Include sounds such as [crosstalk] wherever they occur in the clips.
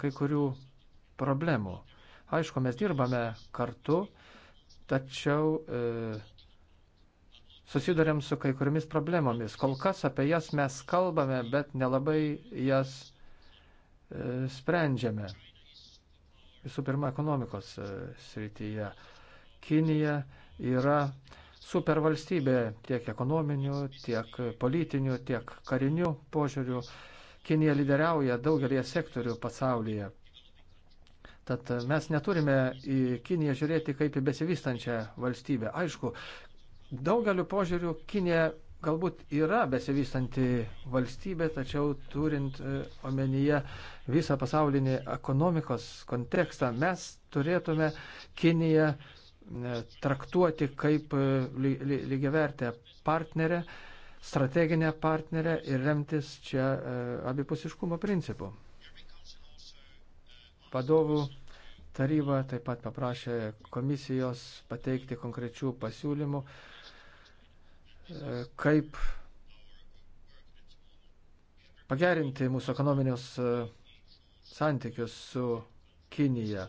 kai kurių problemų. Aišku, mes dirbame kartu, tačiau e, susidurėm su kai kuriomis problemomis. Kol kas apie jas mes kalbame, bet nelabai jas e, sprendžiame. Visų pirma, ekonomikos e, srityje. Kinija yra supervalstybė tiek ekonominių, tiek politinių, tiek karinių požiūrių. E, Kinija lyderiauja daugelie sektorių pasaulyje. Tad mes neturime į Kiniją žiūrėti kaip į besivystančią valstybę. Aišku, daugeliu požiūrių Kinija galbūt yra besivystanti valstybė, tačiau turint e, omenyje visą pasaulinį ekonomikos kontekstą, mes turėtume Kiniją e, traktuoti kaip e, lygiavertę partnerę strateginę partnerę ir remtis čia e, abipusiškumo principu. Vadovų taryba taip pat paprašė komisijos pateikti konkrečių pasiūlymų, e, kaip pagerinti mūsų ekonominius e, santykius su Kinija.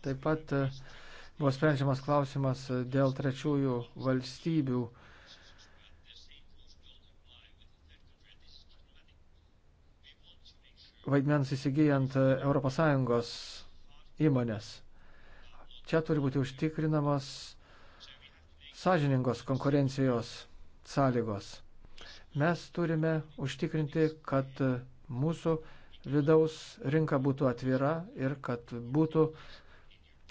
Taip pat buvo sprendžiamas klausimas dėl trečiųjų valstybių vaidmens įsigijant ES įmonės. Čia turi būti užtikrinamos sąžiningos konkurencijos sąlygos. Mes turime užtikrinti, kad mūsų vidaus rinka būtų atvira ir kad būtų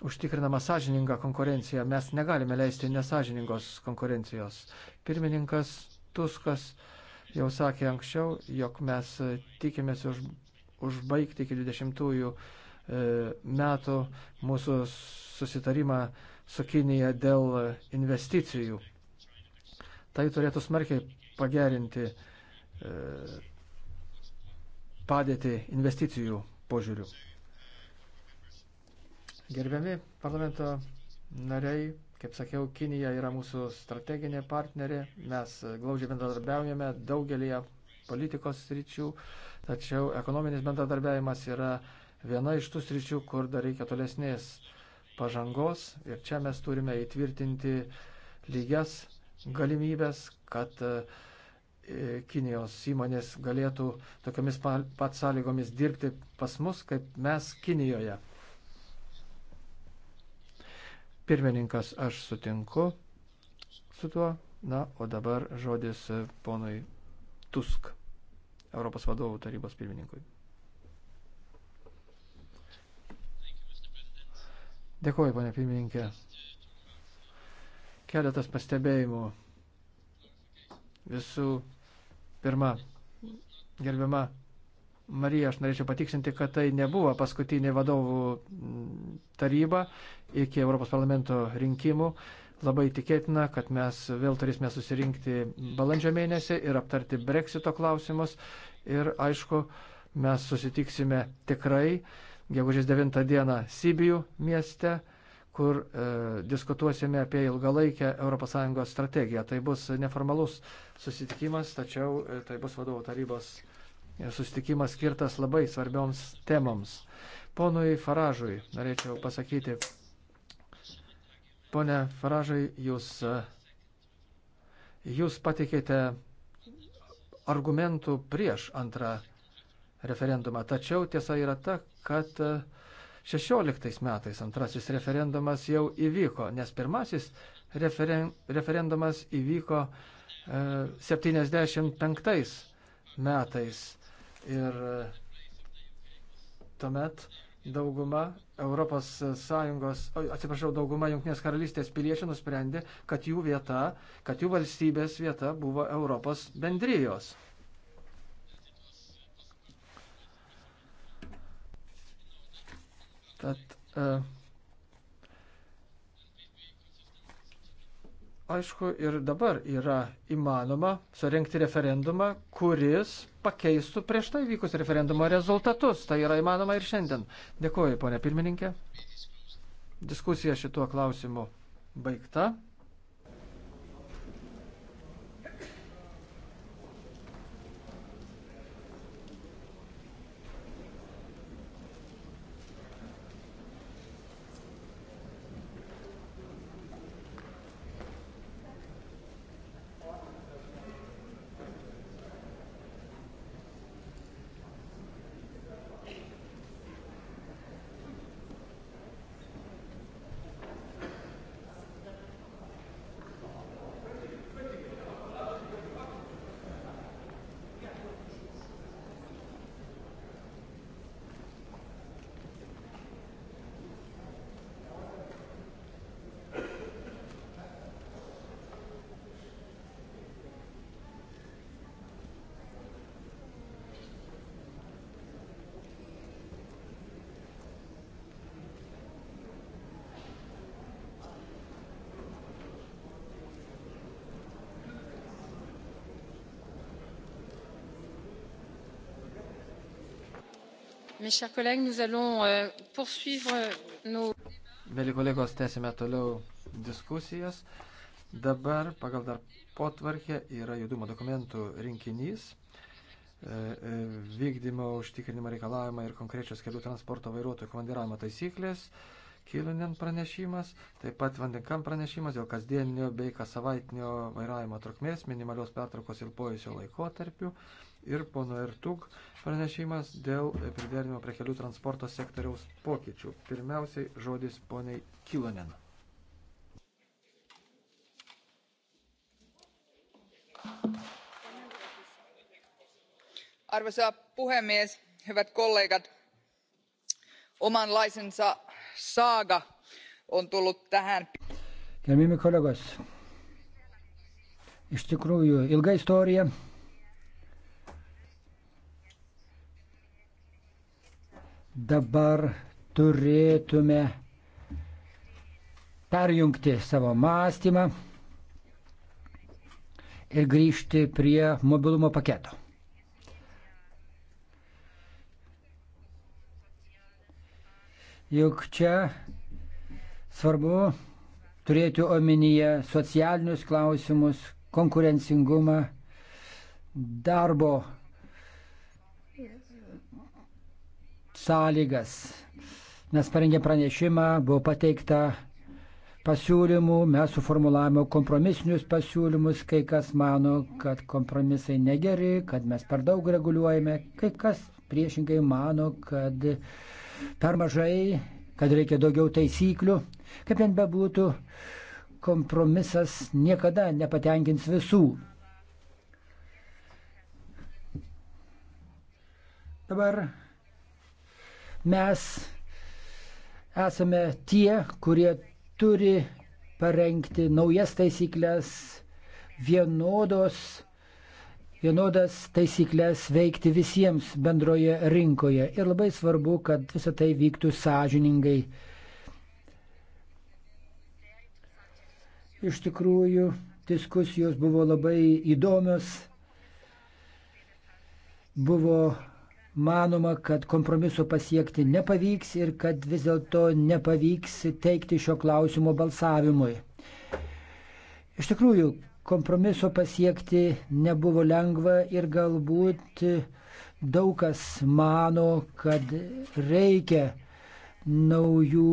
užtikrinama sąžininga konkurencija. Mes negalime leisti nesažiningos konkurencijos. Pirmininkas Tuskas jau sakė anksčiau, jog mes tikimės už užbaigti iki 20 e, metų mūsų susitarimą su Kinija dėl investicijų. Tai turėtų smarkiai pagerinti e, padėti investicijų požiūrių. Gerbiami parlamento nariai, kaip sakiau, Kinija yra mūsų strateginė partnerė, mes glaudžiai bendradarbiaujame daugelį politikos sričių, tačiau ekonominis bendradarbiavimas yra viena iš tų sričių, kur dar reikia tolesnės pažangos ir čia mes turime įtvirtinti lygias galimybės, kad e, Kinijos įmonės galėtų tokiamis pat sąlygomis dirbti pas mus, kaip mes Kinijoje. Pirmininkas, aš sutinku su tuo. Na, o dabar žodis e, ponui Tusk. Europos vadovų tarybos pirmininkui. Dėkuoju, ponė pirmininkė. Keletas pastebėjimų. Visų pirma, gerbiama Marija, aš norėčiau patiksinti, kad tai nebuvo paskutinė vadovų taryba iki Europos parlamento rinkimų. Labai tikėtina, kad mes vėl turėsime susirinkti balandžio mėnesį ir aptarti breksito klausimus. Ir aišku, mes susitiksime tikrai gegužės 9 dieną Sibijų mieste, kur e, diskutuosime apie ilgalaikę ES strategiją. Tai bus neformalus susitikimas, tačiau e, tai bus vadovų tarybos e, susitikimas skirtas labai svarbioms temoms. Ponui Faražui norėčiau pasakyti Pone Faražai, jūs, jūs patikėte argumentų prieš antrą referendumą. Tačiau tiesa yra ta, kad 16 metais antrasis referendumas jau įvyko, nes pirmasis referen, referendumas įvyko e, 75 metais. Ir tuomet dauguma Europos Sąjungos, atsiprašau, dauguma Junktinės karalystės piliečių nusprendė, kad jų vieta, kad jų valstybės vieta buvo Europos bendrijos. Tad uh, aišku, ir dabar yra įmanoma surenkti referendumą, kuris pakeistų prieš tai vykus referendumo rezultatus. Tai yra įmanoma ir šiandien. Dėkuoju, ponė pirmininkė. Diskusija šituo klausimu baigta. Euh, Vėli kolegos, tęsime toliau diskusijas. Dabar pagal dar potvarkę yra judumo dokumentų rinkinys, e, e, vykdymo užtikrinimo reikalavimai ir konkrečios kelių transporto vairuotojų komandiravimo taisyklės. Kilinen pranešimas, taip pat Vandenkam pranešimas dėl kasdieninio bei kas savaitinio vairavimo trukmės, minimalios pertraukos ir poilsio laikotarpių. Ir pono Ertug pranešimas dėl priderinimo prie kelių transporto sektoriaus pokyčių. Pirmiausiai žodis poniai Kilinen. Arvoisa puhemies, hyvät kollegat, omanlaisensa saaga on tullut tähän. Gerbiami kolegos, iš tikrųjų ilga istorija. Dabar turėtume perjungti savo mąstymą ir grįžti prie mobilumo paketo. Juk čia svarbu turėti omenyje socialinius klausimus, konkurencingumą, darbo sąlygas. Mes parengėme pranešimą, buvo pateikta pasiūlymų, mes suformulavome kompromisinius pasiūlymus, kai kas mano, kad kompromisai negeri, kad mes per daug reguliuojame, kai kas priešingai mano, kad uh, per mažai, kad reikia daugiau taisyklių. Kaip ten bebūtų, kompromisas niekada nepatenkins visų. Dabar mes esame tie, kurie turi parengti naujas taisyklės, vienodos vienodas taisyklės veikti visiems bendroje rinkoje. Ir labai svarbu, kad visą tai vyktų sąžiningai. Iš tikrųjų, diskusijos buvo labai įdomios. Buvo manoma, kad kompromiso pasiekti nepavyks ir kad vis dėlto nepavyks teikti šio klausimo balsavimui. Iš tikrųjų, Kompromiso pasiekti nebuvo lengva ir galbūt daug kas mano, kad reikia naujų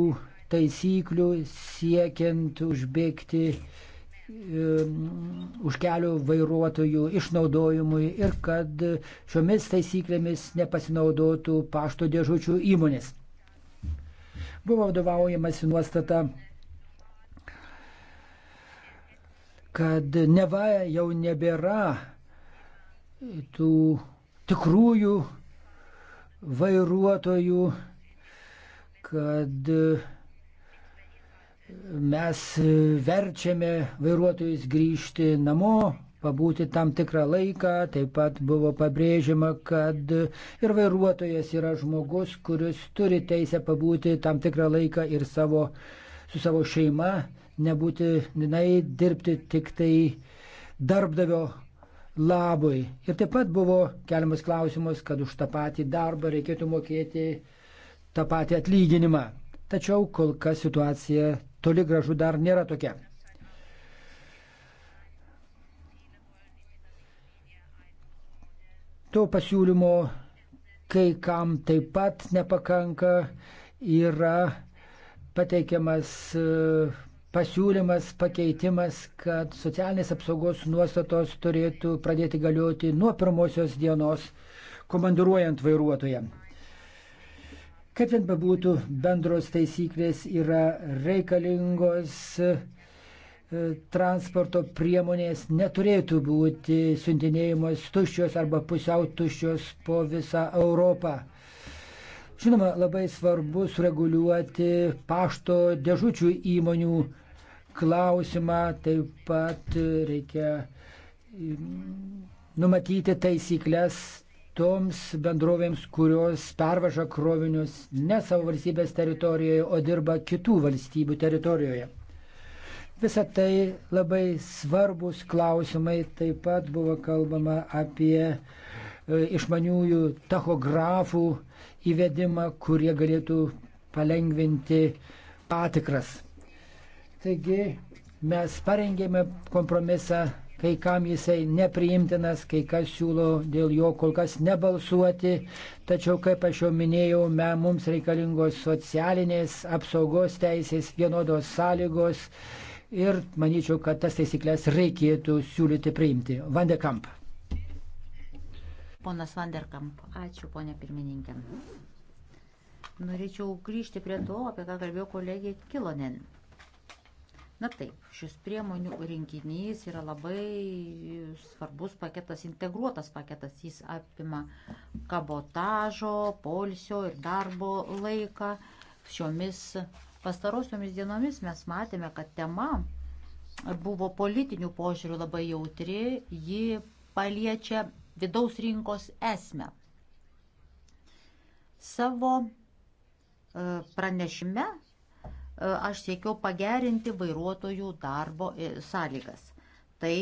taisyklių siekiant užbėgti um, už kelių vairuotojų išnaudojimui ir kad šiomis taisyklėmis nepasinaudotų pašto dėžučių įmonės. Buvo vadovaujamasi nuostata kad neva jau nebėra tų tikrųjų vairuotojų, kad mes verčiame vairuotojus grįžti namo, pabūti tam tikrą laiką. Taip pat buvo pabrėžiama, kad ir vairuotojas yra žmogus, kuris turi teisę pabūti tam tikrą laiką ir savo, su savo šeima nebūtinai dirbti tik tai darbdavio labui. Ir taip pat buvo keliamas klausimas, kad už tą patį darbą reikėtų mokėti tą patį atlyginimą. Tačiau kol kas situacija toli gražu dar nėra tokia. To pasiūlymo kai kam taip pat nepakanka yra pateikiamas uh, pasiūlymas, pakeitimas, kad socialinės apsaugos nuostatos turėtų pradėti galioti nuo pirmosios dienos komandiruojant vairuotoją. Kaip ten bebūtų, bendros taisyklės yra reikalingos, e, transporto priemonės neturėtų būti siuntinėjimas tuščios arba pusiau tuščios po visą Europą. Žinoma, labai svarbu sureguliuoti pašto dėžučių įmonių klausimą, taip pat reikia mm, numatyti taisyklės toms bendrovėms, kurios pervaža krovinius ne savo valstybės teritorijoje, o dirba kitų valstybių teritorijoje. Visą tai labai svarbus klausimai, taip pat buvo kalbama apie e, išmaniųjų tachografų įvedimą, kurie galėtų palengvinti patikras. Taigi mes parengėme kompromisą, kai kam jisai nepriimtinas, kai kas siūlo dėl jo kol kas nebalsuoti, tačiau kaip aš jau minėjau, me, mums reikalingos socialinės apsaugos teisės, vienodos sąlygos ir manyčiau, kad tas taisyklės reikėtų siūlyti priimti. Vandekamp. Ponas Vanderkamp, ačiū ponė pirmininkė. Norėčiau grįžti prie to, apie ką kalbėjo kolegė Kilonen. Na taip, šis priemonių rinkinys yra labai svarbus paketas, integruotas paketas. Jis apima kabotažo, polsio ir darbo laiką. Šiomis pastarosiomis dienomis mes matėme, kad tema buvo politinių požiūrių labai jautri. Ji paliečia vidaus rinkos esmę. Savo e, pranešime E, aš siekiau pagerinti vairuotojų darbo e, sąlygas. Tai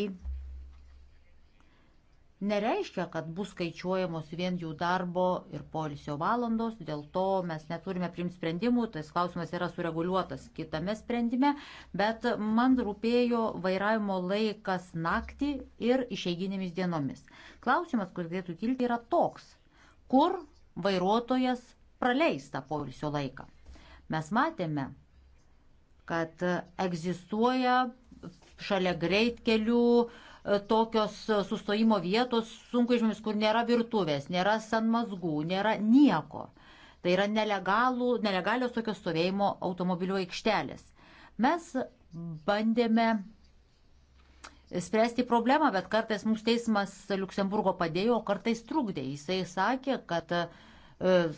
nereiškia, kad bus skaičiuojamos vien jų darbo ir polisio valandos, dėl to mes neturime primti sprendimų, tas klausimas yra sureguliuotas kitame sprendime, bet man rūpėjo vairavimo laikas naktį ir išeiginėmis dienomis. Klausimas, kuris galėtų kilti, yra toks, kur vairuotojas praleista polisio laiką. Mes matėme, kad egzistuoja šalia greitkelių e, tokios e, sustojimo vietos sunkvežimiams, kur nėra virtuvės, nėra sanmazgų, nėra nieko. Tai yra nelegalų, nelegalios tokios stovėjimo automobilių aikštelės. Mes bandėme spręsti problemą, bet kartais mums teismas Luksemburgo padėjo, o kartais trukdė. Jisai sakė, kad e,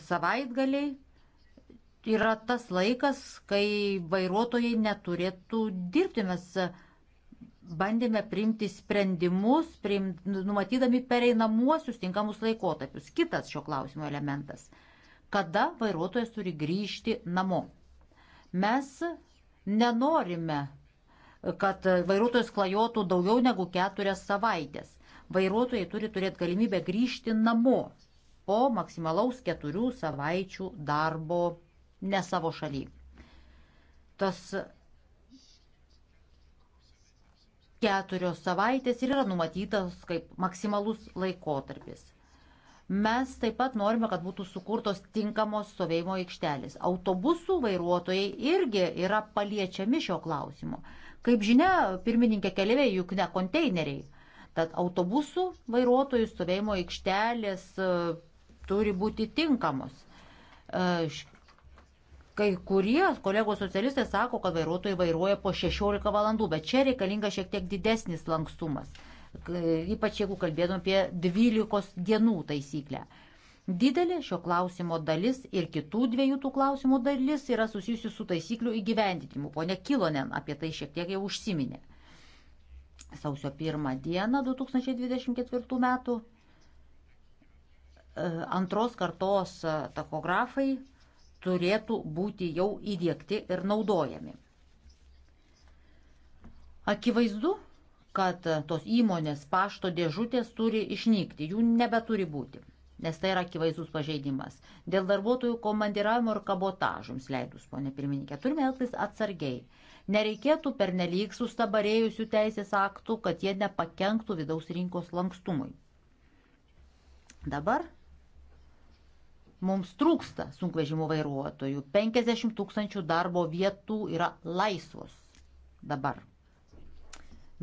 savaitgaliai yra tas laikas, kai vairuotojai neturėtų dirbti. Mes bandėme priimti sprendimus, priim, numatydami pereinamuosius tinkamus laikotarpius. Kitas šio klausimo elementas - kada vairuotojas turi grįžti namo. Mes nenorime, kad vairuotojas klajotų daugiau negu keturias savaitės. Vairuotojai turi turėti galimybę grįžti namo po maksimalaus keturių savaičių darbo ne savo šaly. Tas keturios savaitės ir yra numatytas kaip maksimalus laikotarpis. Mes taip pat norime, kad būtų sukurtos tinkamos stovėjimo aikštelės. Autobusų vairuotojai irgi yra paliečiami šio klausimo. Kaip žinia, pirmininkė keliaviai juk ne konteineriai. Tad autobusų vairuotojų stovėjimo aikštelės e, turi būti tinkamos. E, Kai kurie kolegos socialistai sako, kad vairuotojai vairuoja po 16 valandų, bet čia reikalinga šiek tiek didesnis lankstumas, ypač jeigu kalbėtum apie 12 dienų taisyklę. Didelė šio klausimo dalis ir kitų dviejų tų klausimų dalis yra susijusi su taisyklių įgyvendinimu. Pone Kilonen apie tai šiek tiek jau užsiminė. Sausio 1 dieną 2024 metų e, antros kartos e, takografai turėtų būti jau įdėkti ir naudojami. Akivaizdu, kad tos įmonės pašto dėžutės turi išnykti, jų nebeturi būti, nes tai yra akivaizdus pažeidimas. Dėl darbuotojų komandiravimo ir kabotažums leidus, ponė pirmininkė, turime elgtis atsargiai. Nereikėtų pernelyg sustabarėjusių teisės aktų, kad jie nepakenktų vidaus rinkos lankstumui. Dabar Mums trūksta sunkvežimų vairuotojų. 50 tūkstančių darbo vietų yra laisvos dabar,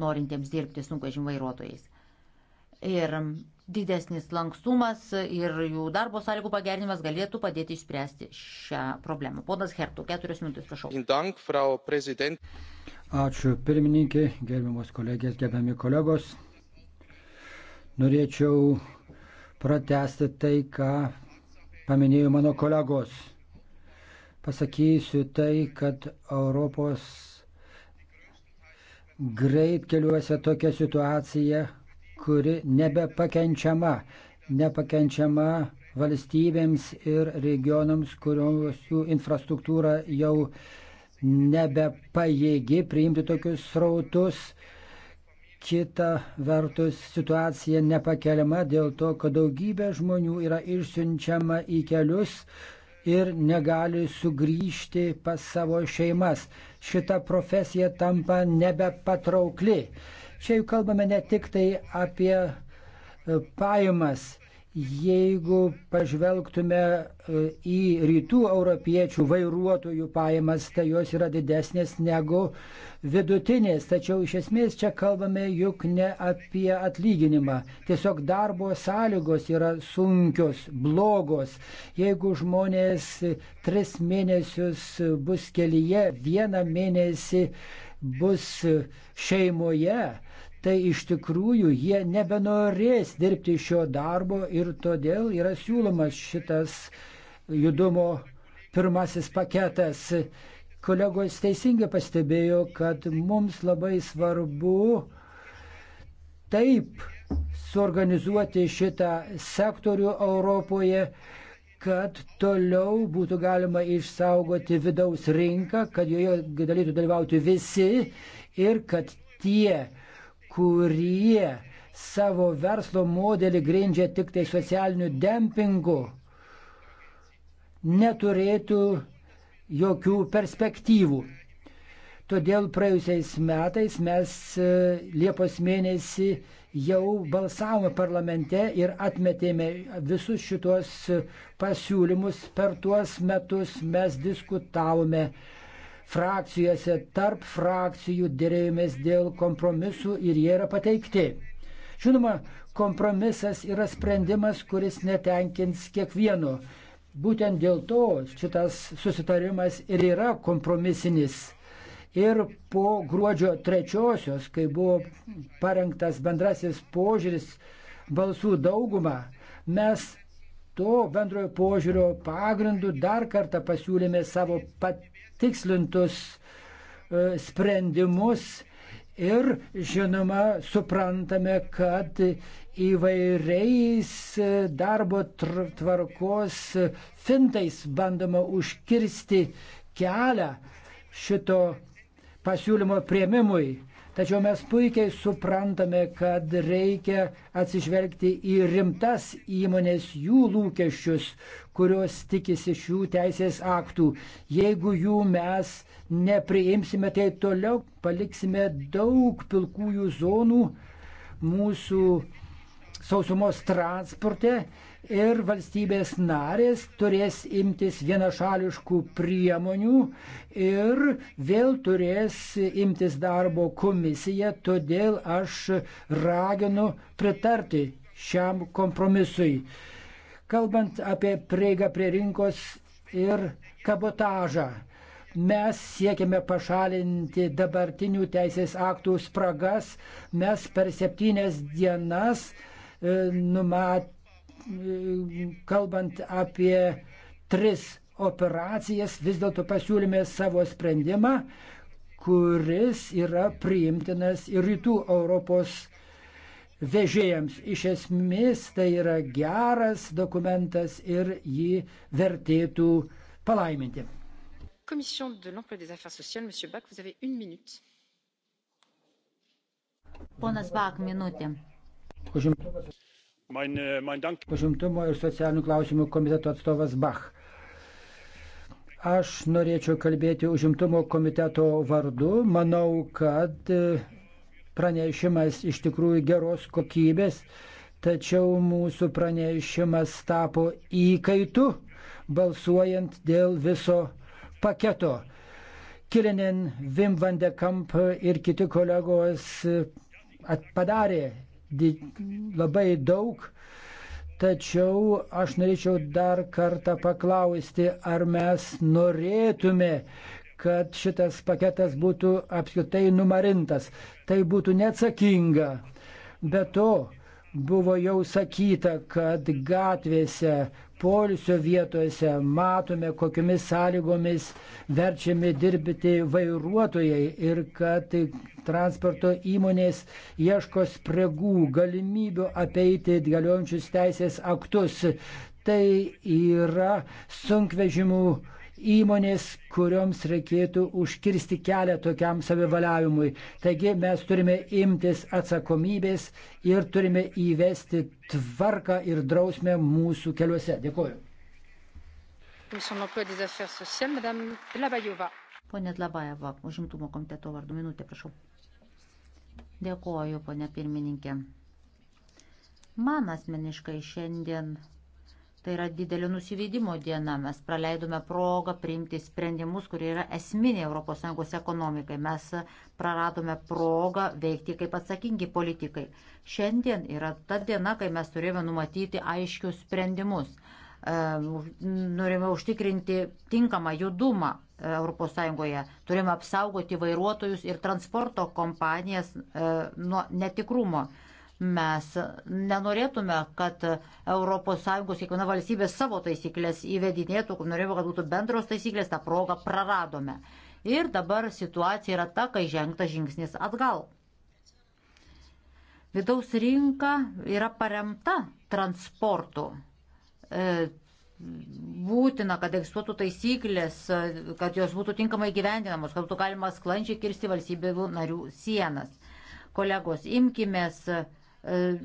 norintiems dirbti sunkvežimų vairuotojais. Ir didesnis lankstumas ir jų darbo sąlygų pagerinimas galėtų padėti išspręsti šią problemą. Ponas Hertų, keturios minutės, prašau. Ačiū pirmininkė, gerbiamos kolegės, gerbiami kolegos. Norėčiau pratesti tai, ką paminėjo mano kolegos. Pasakysiu tai, kad Europos greitkeliuose tokia situacija, kuri nebepakenčiama, nepakenčiama valstybėms ir regionams, kurios jų infrastruktūra jau nebepajėgi priimti tokius srautus, Kita vertus situacija nepakeliama dėl to, kad daugybė žmonių yra išsiunčiama į kelius ir negali sugrįžti pas savo šeimas. Šita profesija tampa nebepatraukli. Čia jau kalbame ne tik tai apie e, pajamas, Jeigu pažvelgtume e, į rytų europiečių vairuotojų pajamas, tai jos yra didesnės negu vidutinės. Tačiau iš esmės čia kalbame juk ne apie atlyginimą. Tiesiog darbo sąlygos yra sunkios, blogos. Jeigu žmonės tris mėnesius bus kelyje, vieną mėnesį bus šeimoje, tai iš tikrųjų jie nebenorės dirbti šio darbo ir todėl yra siūlomas šitas judumo pirmasis paketas. Kolegos teisingai pastebėjo, kad mums labai svarbu taip suorganizuoti šitą sektorių Europoje, kad toliau būtų galima išsaugoti vidaus rinką, kad joje galėtų dalyvauti visi ir kad tie kurie savo verslo modelį grindžia tik tai socialiniu dempingu, neturėtų jokių perspektyvų. Todėl praėjusiais metais mes e, Liepos mėnesį jau balsavome parlamente ir atmetėme visus šitos e, pasiūlymus. Per tuos metus mes diskutavome frakcijose, tarp frakcijų dėrėjomės dėl kompromisų ir jie yra pateikti. Žinoma, kompromisas yra sprendimas, kuris netenkins kiekvieno. Būtent dėl to šitas susitarimas ir yra kompromisinis. Ir po gruodžio trečiosios, kai buvo parengtas bendrasis požiūris balsų daugumą, mes to bendrojo požiūrio pagrindu dar kartą pasiūlėme savo pat tikslintus e, sprendimus ir, žinoma, suprantame, kad įvairiais darbo tvarkos fintais bandoma užkirsti kelią šito pasiūlymo prieimimui. Tačiau mes puikiai suprantame, kad reikia atsižvelgti į rimtas įmonės, jų lūkesčius, kurios tikisi šių teisės aktų. Jeigu jų mes nepriimsime, tai toliau paliksime daug pilkųjų zonų mūsų sausumos transporte ir valstybės narės turės imtis vienašališkų priemonių ir vėl turės imtis darbo komisija, todėl aš raginu pritarti šiam kompromisui. Kalbant apie prieigą prie rinkos ir kabotažą mes siekiame pašalinti dabartinių teisės aktų spragas, mes per septynias dienas e, numat, kalbant apie tris operacijas, vis dėlto pasiūlėme savo sprendimą, kuris yra priimtinas ir rytų Europos vežėjams. Iš esmės tai yra geras dokumentas ir jį vertėtų palaiminti. Commission de l'emploi des affaires sociales, Monsieur Bach, vous avez une minute. Ponas Bach, minutė. Užimtumas Äh, užimtumo ir socialinių klausimų komiteto atstovas Bach. Aš norėčiau kalbėti užimtumo komiteto vardu. Manau, kad e, pranešimas iš tikrųjų geros kokybės, tačiau mūsų pranešimas tapo įkaitu balsuojant dėl viso paketo. Kilinin, Vim van de Kamp ir kiti kolegos e, padarė labai daug. Tačiau aš norėčiau dar kartą paklausti, ar mes norėtume, kad šitas paketas būtų apskritai numarintas. Tai būtų neatsakinga. Be to, buvo jau sakyta, kad gatvėse polisio vietose, matome, kokiomis sąlygomis verčiami dirbti vairuotojai ir kad tai transporto įmonės ieško spregų, galimybių apeiti galiojančius teisės aktus. Tai yra sunkvežimų įmonės, kurioms reikėtų užkirsti kelią tokiam savivaliavimui. Taigi mes turime imtis atsakomybės ir turime įvesti tvarką ir drausmę mūsų keliuose. Dėkuoju. Pone Dlabajeva, užimtumo komiteto vardu minutė, prašau. Dėkuoju, ponė pirmininkė. Man asmeniškai šiandien Tai yra didelio nusivyldimo diena. Mes praleidome progą priimti sprendimus, kurie yra esminiai ES ekonomikai. Mes praradome progą veikti kaip atsakingi politikai. Šiandien yra ta diena, kai mes turėjome numatyti aiškius sprendimus. E, Norime užtikrinti tinkamą judumą ES. Turime apsaugoti vairuotojus ir transporto kompanijas e, nuo netikrumo Mes nenorėtume, kad ES kiekviena valstybė savo taisyklės įvedinėtų, norėjome, kad būtų bendros taisyklės, tą progą praradome. Ir dabar situacija yra ta, kai žengta žingsnis atgal. Vidaus rinka yra paremta transportu. E, būtina, kad egzistuotų taisyklės, kad jos būtų tinkamai gyvendinamos, kad būtų galima sklandžiai kirsti valstybių narių sienas. Kolegos, imkimės E,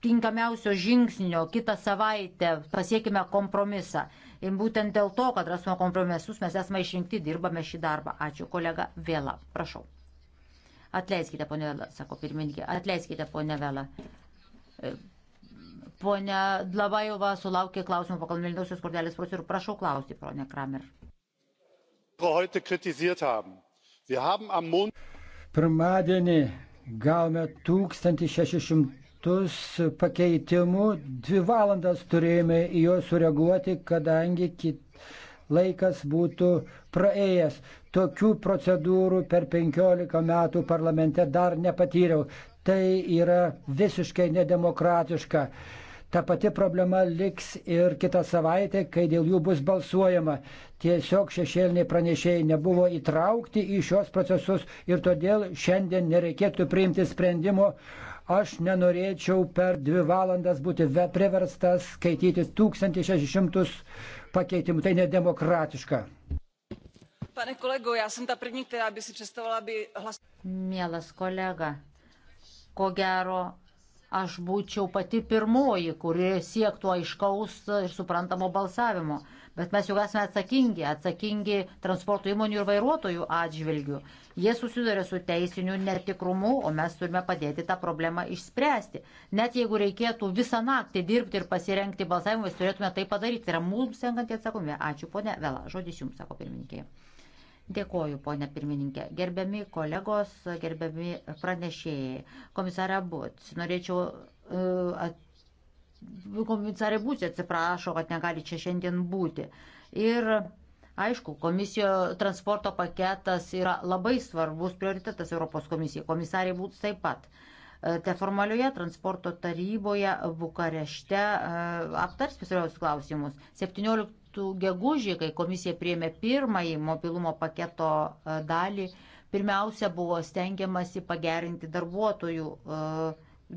tinkamiausio žingsnio kitą savaitę pasiekime kompromisą. Ir būtent dėl to, kad rasime kompromisus, mes esame išrinkti, dirbame šį darbą. Ačiū, kolega Vėla. Prašau. Atleiskite, ponė Vėla, sako pirmininkė. Atleiskite, ponė Vėla. E, Pone Dlavajova sulaukė klausimų pagal Milinosios kortelės procedūrų. Prašau klausti, ponė Kramer. Pirmadienį Gavome 1600 pakeitimų, dvi valandas turėjome į juos sureaguoti, kadangi kit, laikas būtų praėjęs. Tokių procedūrų per 15 metų parlamente dar nepatyriau. Tai yra visiškai nedemokratiška. Ta pati problema liks ir kitą savaitę, kai dėl jų bus balsuojama. Tiesiog šešėliniai pranešėjai nebuvo įtraukti į šios procesus ir todėl šiandien nereikėtų priimti sprendimo. Aš nenorėčiau per dvi valandas būti priverstas skaityti 1600 pakeitimų. Tai nedemokratiška. Pane kolego, já jsem ta první, která by si představovala, aby hlas... Mielas kolega, ko gero aš būčiau pati pirmoji, kuri siektų aiškaus ir suprantamo balsavimo. Bet mes juk esame atsakingi, atsakingi transporto įmonių ir vairuotojų atžvilgių. Jie susiduria su teisiniu netikrumu, o mes turime padėti tą problemą išspręsti. Net jeigu reikėtų visą naktį dirbti ir pasirenkti balsavimui, mes turėtume tai padaryti. Tai yra mums senkantį atsakomybę. Ačiū, ponė Vela. Žodis jums, sako pirmininkė. Dėkoju, ponė pirmininkė. Gerbiami kolegos, gerbiami pranešėjai. Komisarė Būts, norėčiau. E, komisarė Būts atsiprašo, kad negali čia šiandien būti. Ir aišku, komisijo transporto paketas yra labai svarbus prioritetas Europos komisijai. Komisarė Būts taip pat. E, te formalioje transporto taryboje Bukarešte e, aptars visus klausimus. 17 metų gegužį, kai komisija priemė pirmąjį mobilumo paketo e, dalį, pirmiausia buvo stengiamasi pagerinti darbuotojų e,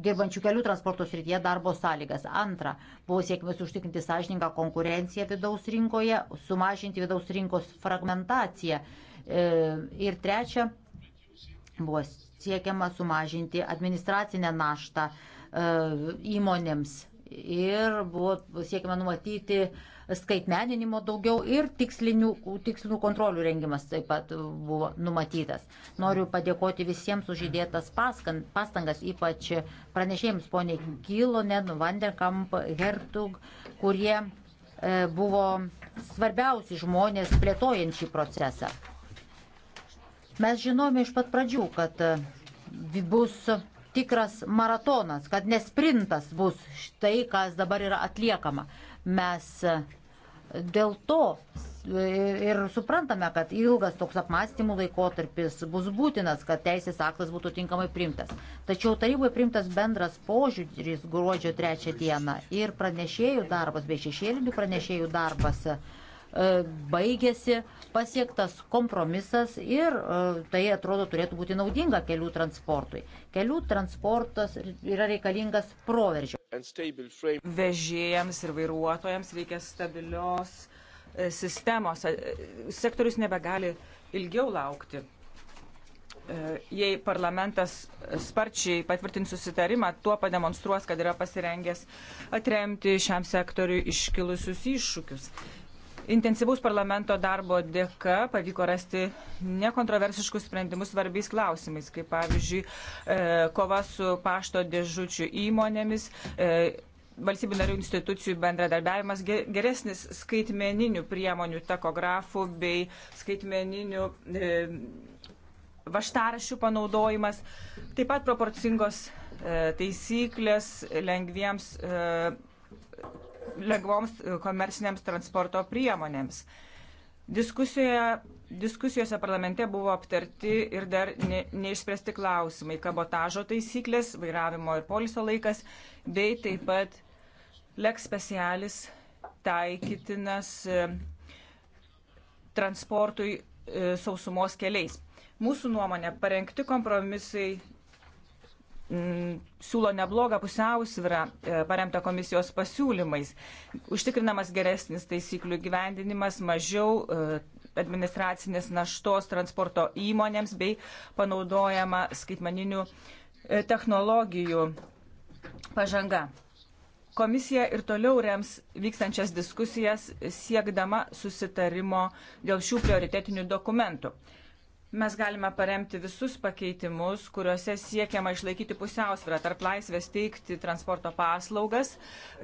dirbančių kelių transporto srityje darbo sąlygas. Antra, buvo siekiamas užtikrinti sąžininką konkurenciją vidaus rinkoje, sumažinti vidaus rinkos fragmentaciją. E, ir trečia, buvo siekiama sumažinti administracinę naštą įmonėms ir buvo siekiama numatyti uh, skaitmeninimo daugiau ir tikslinių, tikslinių kontrolių rengimas taip pat buvo numatytas. Noriu padėkoti visiems už įdėtas pastangas, ypač pranešėjams poniai Kilonen, Vanderkamp, Hertug, kurie e, buvo svarbiausi žmonės plėtojant šį procesą. Mes žinome iš pat pradžių, kad e, bus tikras maratonas, kad nesprintas bus tai, kas dabar yra atliekama. Mes Dėl to e, ir suprantame, kad ilgas toks apmąstymų laikotarpis bus būtinas, kad teisės aktas būtų tinkamai primtas. Tačiau taryboje primtas bendras požiūris gruodžio trečią dieną ir pranešėjų darbas bei šešėlinių pranešėjų darbas e, baigėsi pasiektas kompromisas ir e, tai atrodo turėtų būti naudinga kelių transportui. Kelių transportas yra reikalingas proveržio. Vežėjams ir vairuotojams reikia stabilios e, sistemos. E, sektorius nebegali ilgiau laukti. E, jei parlamentas sparčiai patvirtins susitarimą, tuo pademonstruos, kad yra pasirengęs atremti šiam sektoriui iškilusius iššūkius. Intensyvaus parlamento darbo dėka pavyko rasti nekontroversiškus sprendimus svarbiais klausimais, kaip pavyzdžiui e, kova su pašto dėžučių įmonėmis, e, valstybių narių institucijų bendradarbiavimas, geresnis skaitmeninių priemonių takografų bei skaitmeninių e, vaštarašių panaudojimas, taip pat proporcingos taisyklės lengviems lengvoms e, komersinėms transporto priemonėms. Diskusijoje, diskusijose parlamente buvo aptarti ir dar ne, neišspręsti klausimai - kabotažo taisyklės, vairavimo ir poliso laikas, bei taip pat leks specialis taikytinas e, transportui e, sausumos keliais. Mūsų nuomonė, parengti kompromisai Mm, siūlo neblogą pusiausvyrą e, paremtą komisijos pasiūlymais. Užtikrinamas geresnis taisyklių gyvendinimas, mažiau e, administracinės naštos transporto įmonėms bei panaudojama skaitmaninių e, technologijų pažanga. Komisija ir toliau rems vykstančias diskusijas siekdama susitarimo dėl šių prioritetinių dokumentų. Mes galime paremti visus pakeitimus, kuriuose siekiama išlaikyti pusiausvyrą tarp laisvės teikti transporto paslaugas,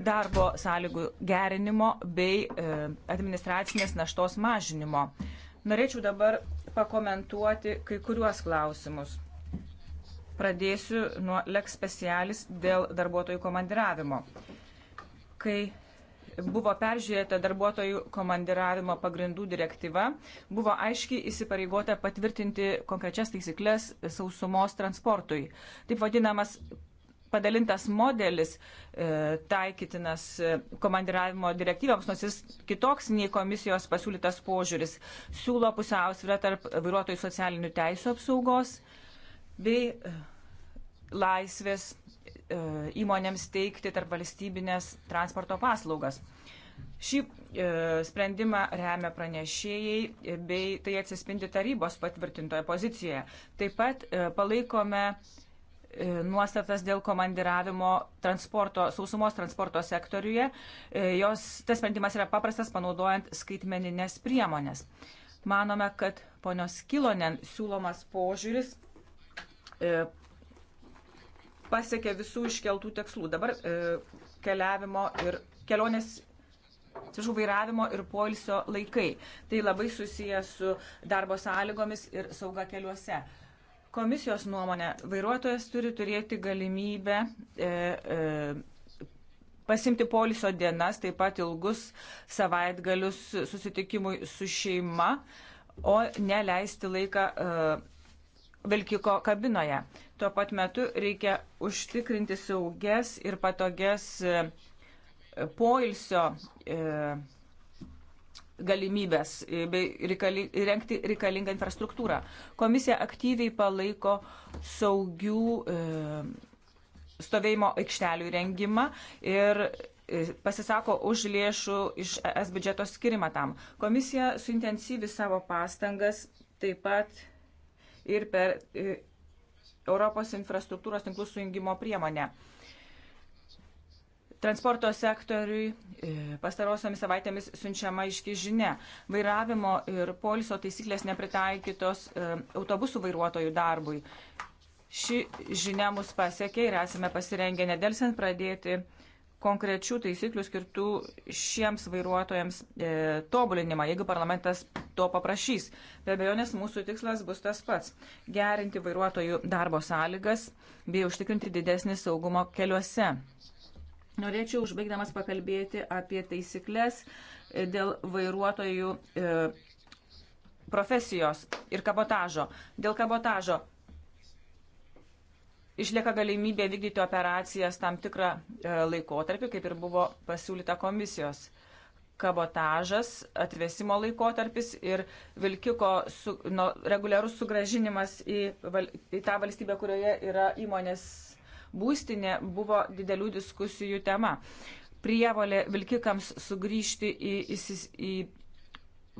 darbo sąlygų gerinimo bei e, administracinės naštos mažinimo. Norėčiau dabar pakomentuoti kai kuriuos klausimus. Pradėsiu nuo leks specialis dėl darbuotojų komandiravimo. Kai buvo peržiūrėta darbuotojų komandiravimo pagrindų direktyva, buvo aiškiai įsipareigota patvirtinti konkrečias taisyklės sausumos transportui. Taip vadinamas padalintas modelis e, taikytinas e, komandiravimo direktyvams, nors jis kitoks nei komisijos pasiūlytas požiūris, siūlo pusiausvyrą tarp vairuotojų socialinių teisų apsaugos bei e, laisvės E, įmonėms teikti tarp valstybinės transporto paslaugas. Šį e, sprendimą remia pranešėjai bei tai atsispindi tarybos patvirtintoje pozicijoje. Taip pat e, palaikome nuostatas dėl komandiravimo transporto, sausumos transporto sektoriuje. Jos, tas sprendimas yra paprastas, panaudojant skaitmeninės priemonės. Manome, kad ponios Kilonen siūlomas požiūris pasiekė visų iškeltų tikslų. Dabar e, keliavimo ir kelionės. Atsižu vairavimo ir poilsio laikai. Tai labai susijęs su darbo sąlygomis ir sauga keliuose. Komisijos nuomonė, vairuotojas turi turėti galimybę e, e, pasimti polisio dienas, taip pat ilgus savaitgalius susitikimui su šeima, o neleisti laiką e, vilkiko kabinoje. E, Tuo pat metu reikia užtikrinti saugias ir patogias e, poilsio e, galimybės e, bei įrengti reikalingą infrastruktūrą. Komisija aktyviai palaiko saugių stovėjimo aikštelių įrengimą ir pasisako už lėšų iš ES biudžeto skirimą tam. Komisija suintensyvi savo pastangas taip pat ir per Europos infrastruktūros tinklų sujungimo priemonę. Transporto sektoriui e, pastarosiomis savaitėmis siunčiama iški žinia. Vairavimo ir poliso taisyklės nepritaikytos e, autobusų vairuotojų darbui. Ši žinia mus pasiekė ir esame pasirengę nedelsiant pradėti konkrečių taisyklių skirtų šiems vairuotojams e, tobulinimą, jeigu parlamentas to paprašys. Be abejonės mūsų tikslas bus tas pats - gerinti vairuotojų darbo sąlygas bei užtikrinti didesnį saugumo keliuose. Norėčiau užbaigdamas pakalbėti apie taisyklės e, dėl vairuotojų e, profesijos ir kabotažo. Dėl kabotažo išlieka galimybė vykdyti operacijas tam tikrą e, laikotarpį, kaip ir buvo pasiūlyta komisijos. Kabotažas, atvesimo laikotarpis ir vilkiko su, nu, reguliarus sugražinimas į, val, į tą valstybę, kurioje yra įmonės būstinė, buvo didelių diskusijų tema. Prievolė vilkikams sugrįžti į, į, į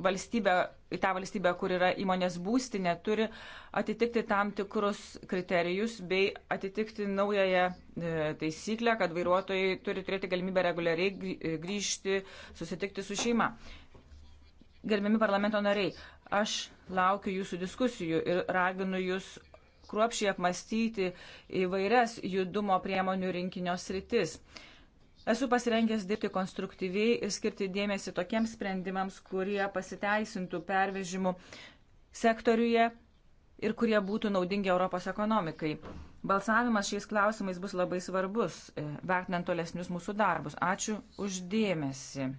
valstybę, į tą valstybę, kur yra įmonės būstinė, turi atitikti tam tikrus kriterijus bei atitikti naująją e, taisyklę, kad vairuotojai turi turėti galimybę reguliariai e, grįžti, susitikti su šeima. Gerbiami parlamento nariai, aš laukiu jūsų diskusijų ir raginu jūs kruopšiai apmastyti įvairias judumo priemonių rinkinio sritis. Esu pasirengęs dirbti konstruktyviai ir skirti dėmesį tokiems sprendimams, kurie pasiteisintų pervežimų sektoriuje ir kurie būtų naudingi Europos ekonomikai. Balsavimas šiais klausimais bus labai svarbus, e, vertinant tolesnius mūsų darbus. Ačiū uždėmesi.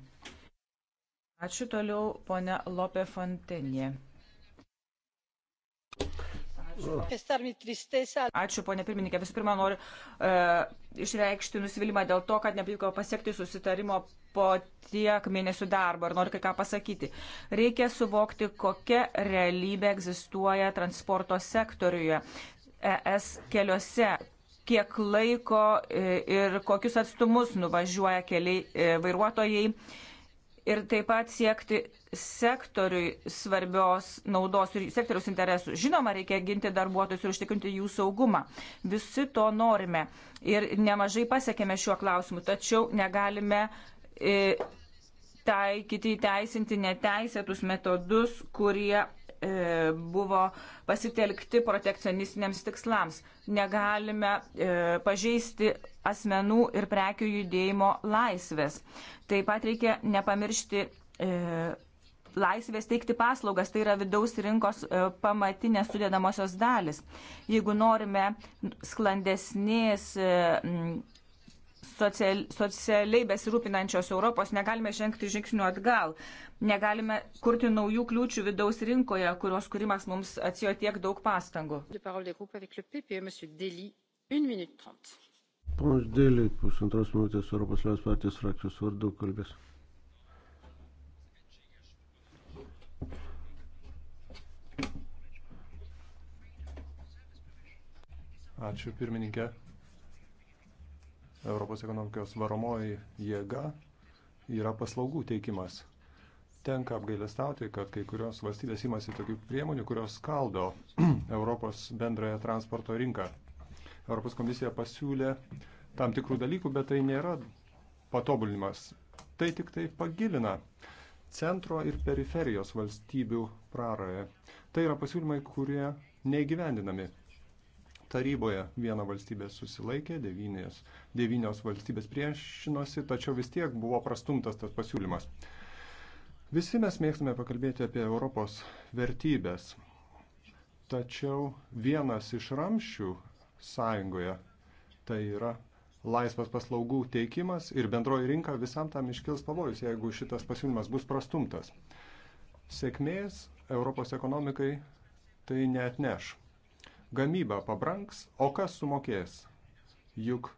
Ačiū toliau, ponia Lope Fontenė. Ačiū, ponė pirmininkė. Visų pirma, noriu e, išreikšti nusivylimą dėl to, kad nepavyko pasiekti susitarimo po tiek mėnesių darbo ir noriu kai ką pasakyti. Reikia suvokti, kokia realybė egzistuoja transporto sektoriuje. ES keliuose kiek laiko e, ir kokius atstumus nuvažiuoja keliai e, vairuotojai ir taip pat siekti sektoriui svarbios naudos ir sektoriaus interesų. Žinoma, reikia ginti darbuotojus ir užtikrinti jų saugumą. Visi to norime ir nemažai pasiekėme šiuo klausimu, tačiau negalime e, taikyti įteisinti neteisėtus metodus, kurie E, buvo pasitelkti protekcionistiniams tikslams. Negalime e, pažeisti asmenų ir prekių judėjimo laisvės. Taip pat reikia nepamiršti e, laisvės teikti paslaugas, tai yra vidaus rinkos pamatinės sudėdamosios dalis. Jeigu norime sklandesnės social, socialiai besirūpinančios Europos negalime žengti žingsnių atgal. Negalime kurti naujų kliūčių vidaus rinkoje, kurios kūrimas mums atsijo tiek daug pastangų. E, Ponas Dėlį, pusantros minutės Europos Liaudės partijos frakcijos vardu kalbės. Ačiū pirmininkė. Europos ekonomikos varomoji jėga yra paslaugų teikimas. Tenka apgailestauti, kad kai kurios valstybės imasi tokių priemonių, kurios skaldo [clears throat] Europos bendrąją transporto rinką. Europos komisija pasiūlė tam tikrų dalykų, bet tai nėra patobulinimas. Tai tik tai pagilina centro ir periferijos valstybių prarąją. Tai yra pasiūlymai, kurie neįgyvendinami. Taryboje viena valstybė susilaikė, devynės, devynios valstybės priešinosi, tačiau vis tiek buvo prastumtas tas pasiūlymas. Visi mes mėgstame pakalbėti apie Europos vertybės, tačiau vienas iš ramščių sąjungoje tai yra laisvas paslaugų teikimas ir bendroji rinka visam tam iškils pavojus, jeigu šitas pasiūlymas bus prastumtas. Sėkmės Europos ekonomikai tai neatneš. Gamyba pabranks, o kas sumokės? Juk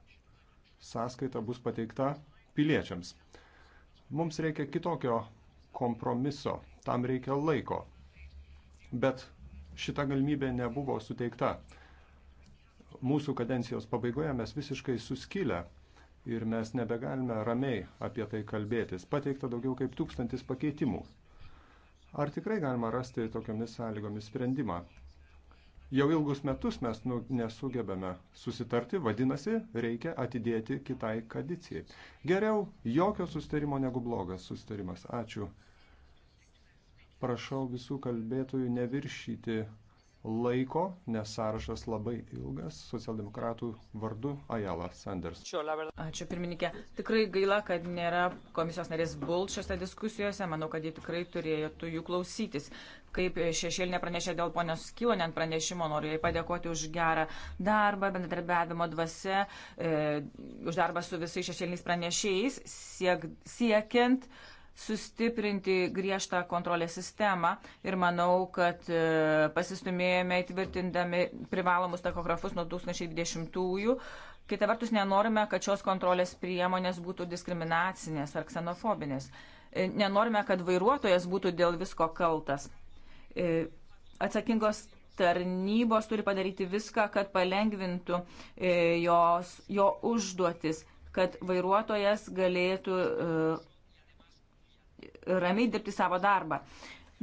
sąskaita bus pateikta piliečiams. Mums reikia kitokio kompromiso, tam reikia laiko. Bet šita galimybė nebuvo suteikta. Mūsų kadencijos pabaigoje mes visiškai suskilę ir mes nebegalime ramiai apie tai kalbėtis. Pateikta daugiau kaip tūkstantis pakeitimų. Ar tikrai galima rasti tokiomis sąlygomis sprendimą? Jau ilgus metus mes nu, nesugebame susitarti, vadinasi, reikia atidėti kitai kadicijai. Geriau jokio susitarimo negu blogas susitarimas. Ačiū. Prašau visų kalbėtojų neviršyti laiko, nes sąrašas labai ilgas. Socialdemokratų vardu Ajala Sanders. Ačiū pirmininkė. Tikrai gaila, kad nėra komisijos narės Bult šiose diskusijose. Manau, kad jie tikrai turėtų jų klausytis. Kaip šešėlinė pranešė dėl ponios Kilonien pranešimo, noriu jai padėkoti už gerą darbą, bendradarbiavimo dvasę, e, už darbą su visais šešėliniais pranešėjais, siek, siekiant e, sustiprinti griežtą kontrolės sistemą ir manau, kad e, pasistumėjome įtvirtindami privalomus takografus nuo 2020-ųjų. Kita vertus, nenorime, kad šios kontrolės priemonės būtų diskriminacinės ar ksenofobinės. E, nenorime, kad vairuotojas būtų dėl visko kaltas. E, atsakingos tarnybos turi padaryti viską, kad palengvintų jos, jo užduotis, kad vairuotojas galėtų uh, ramiai dirbti savo darbą.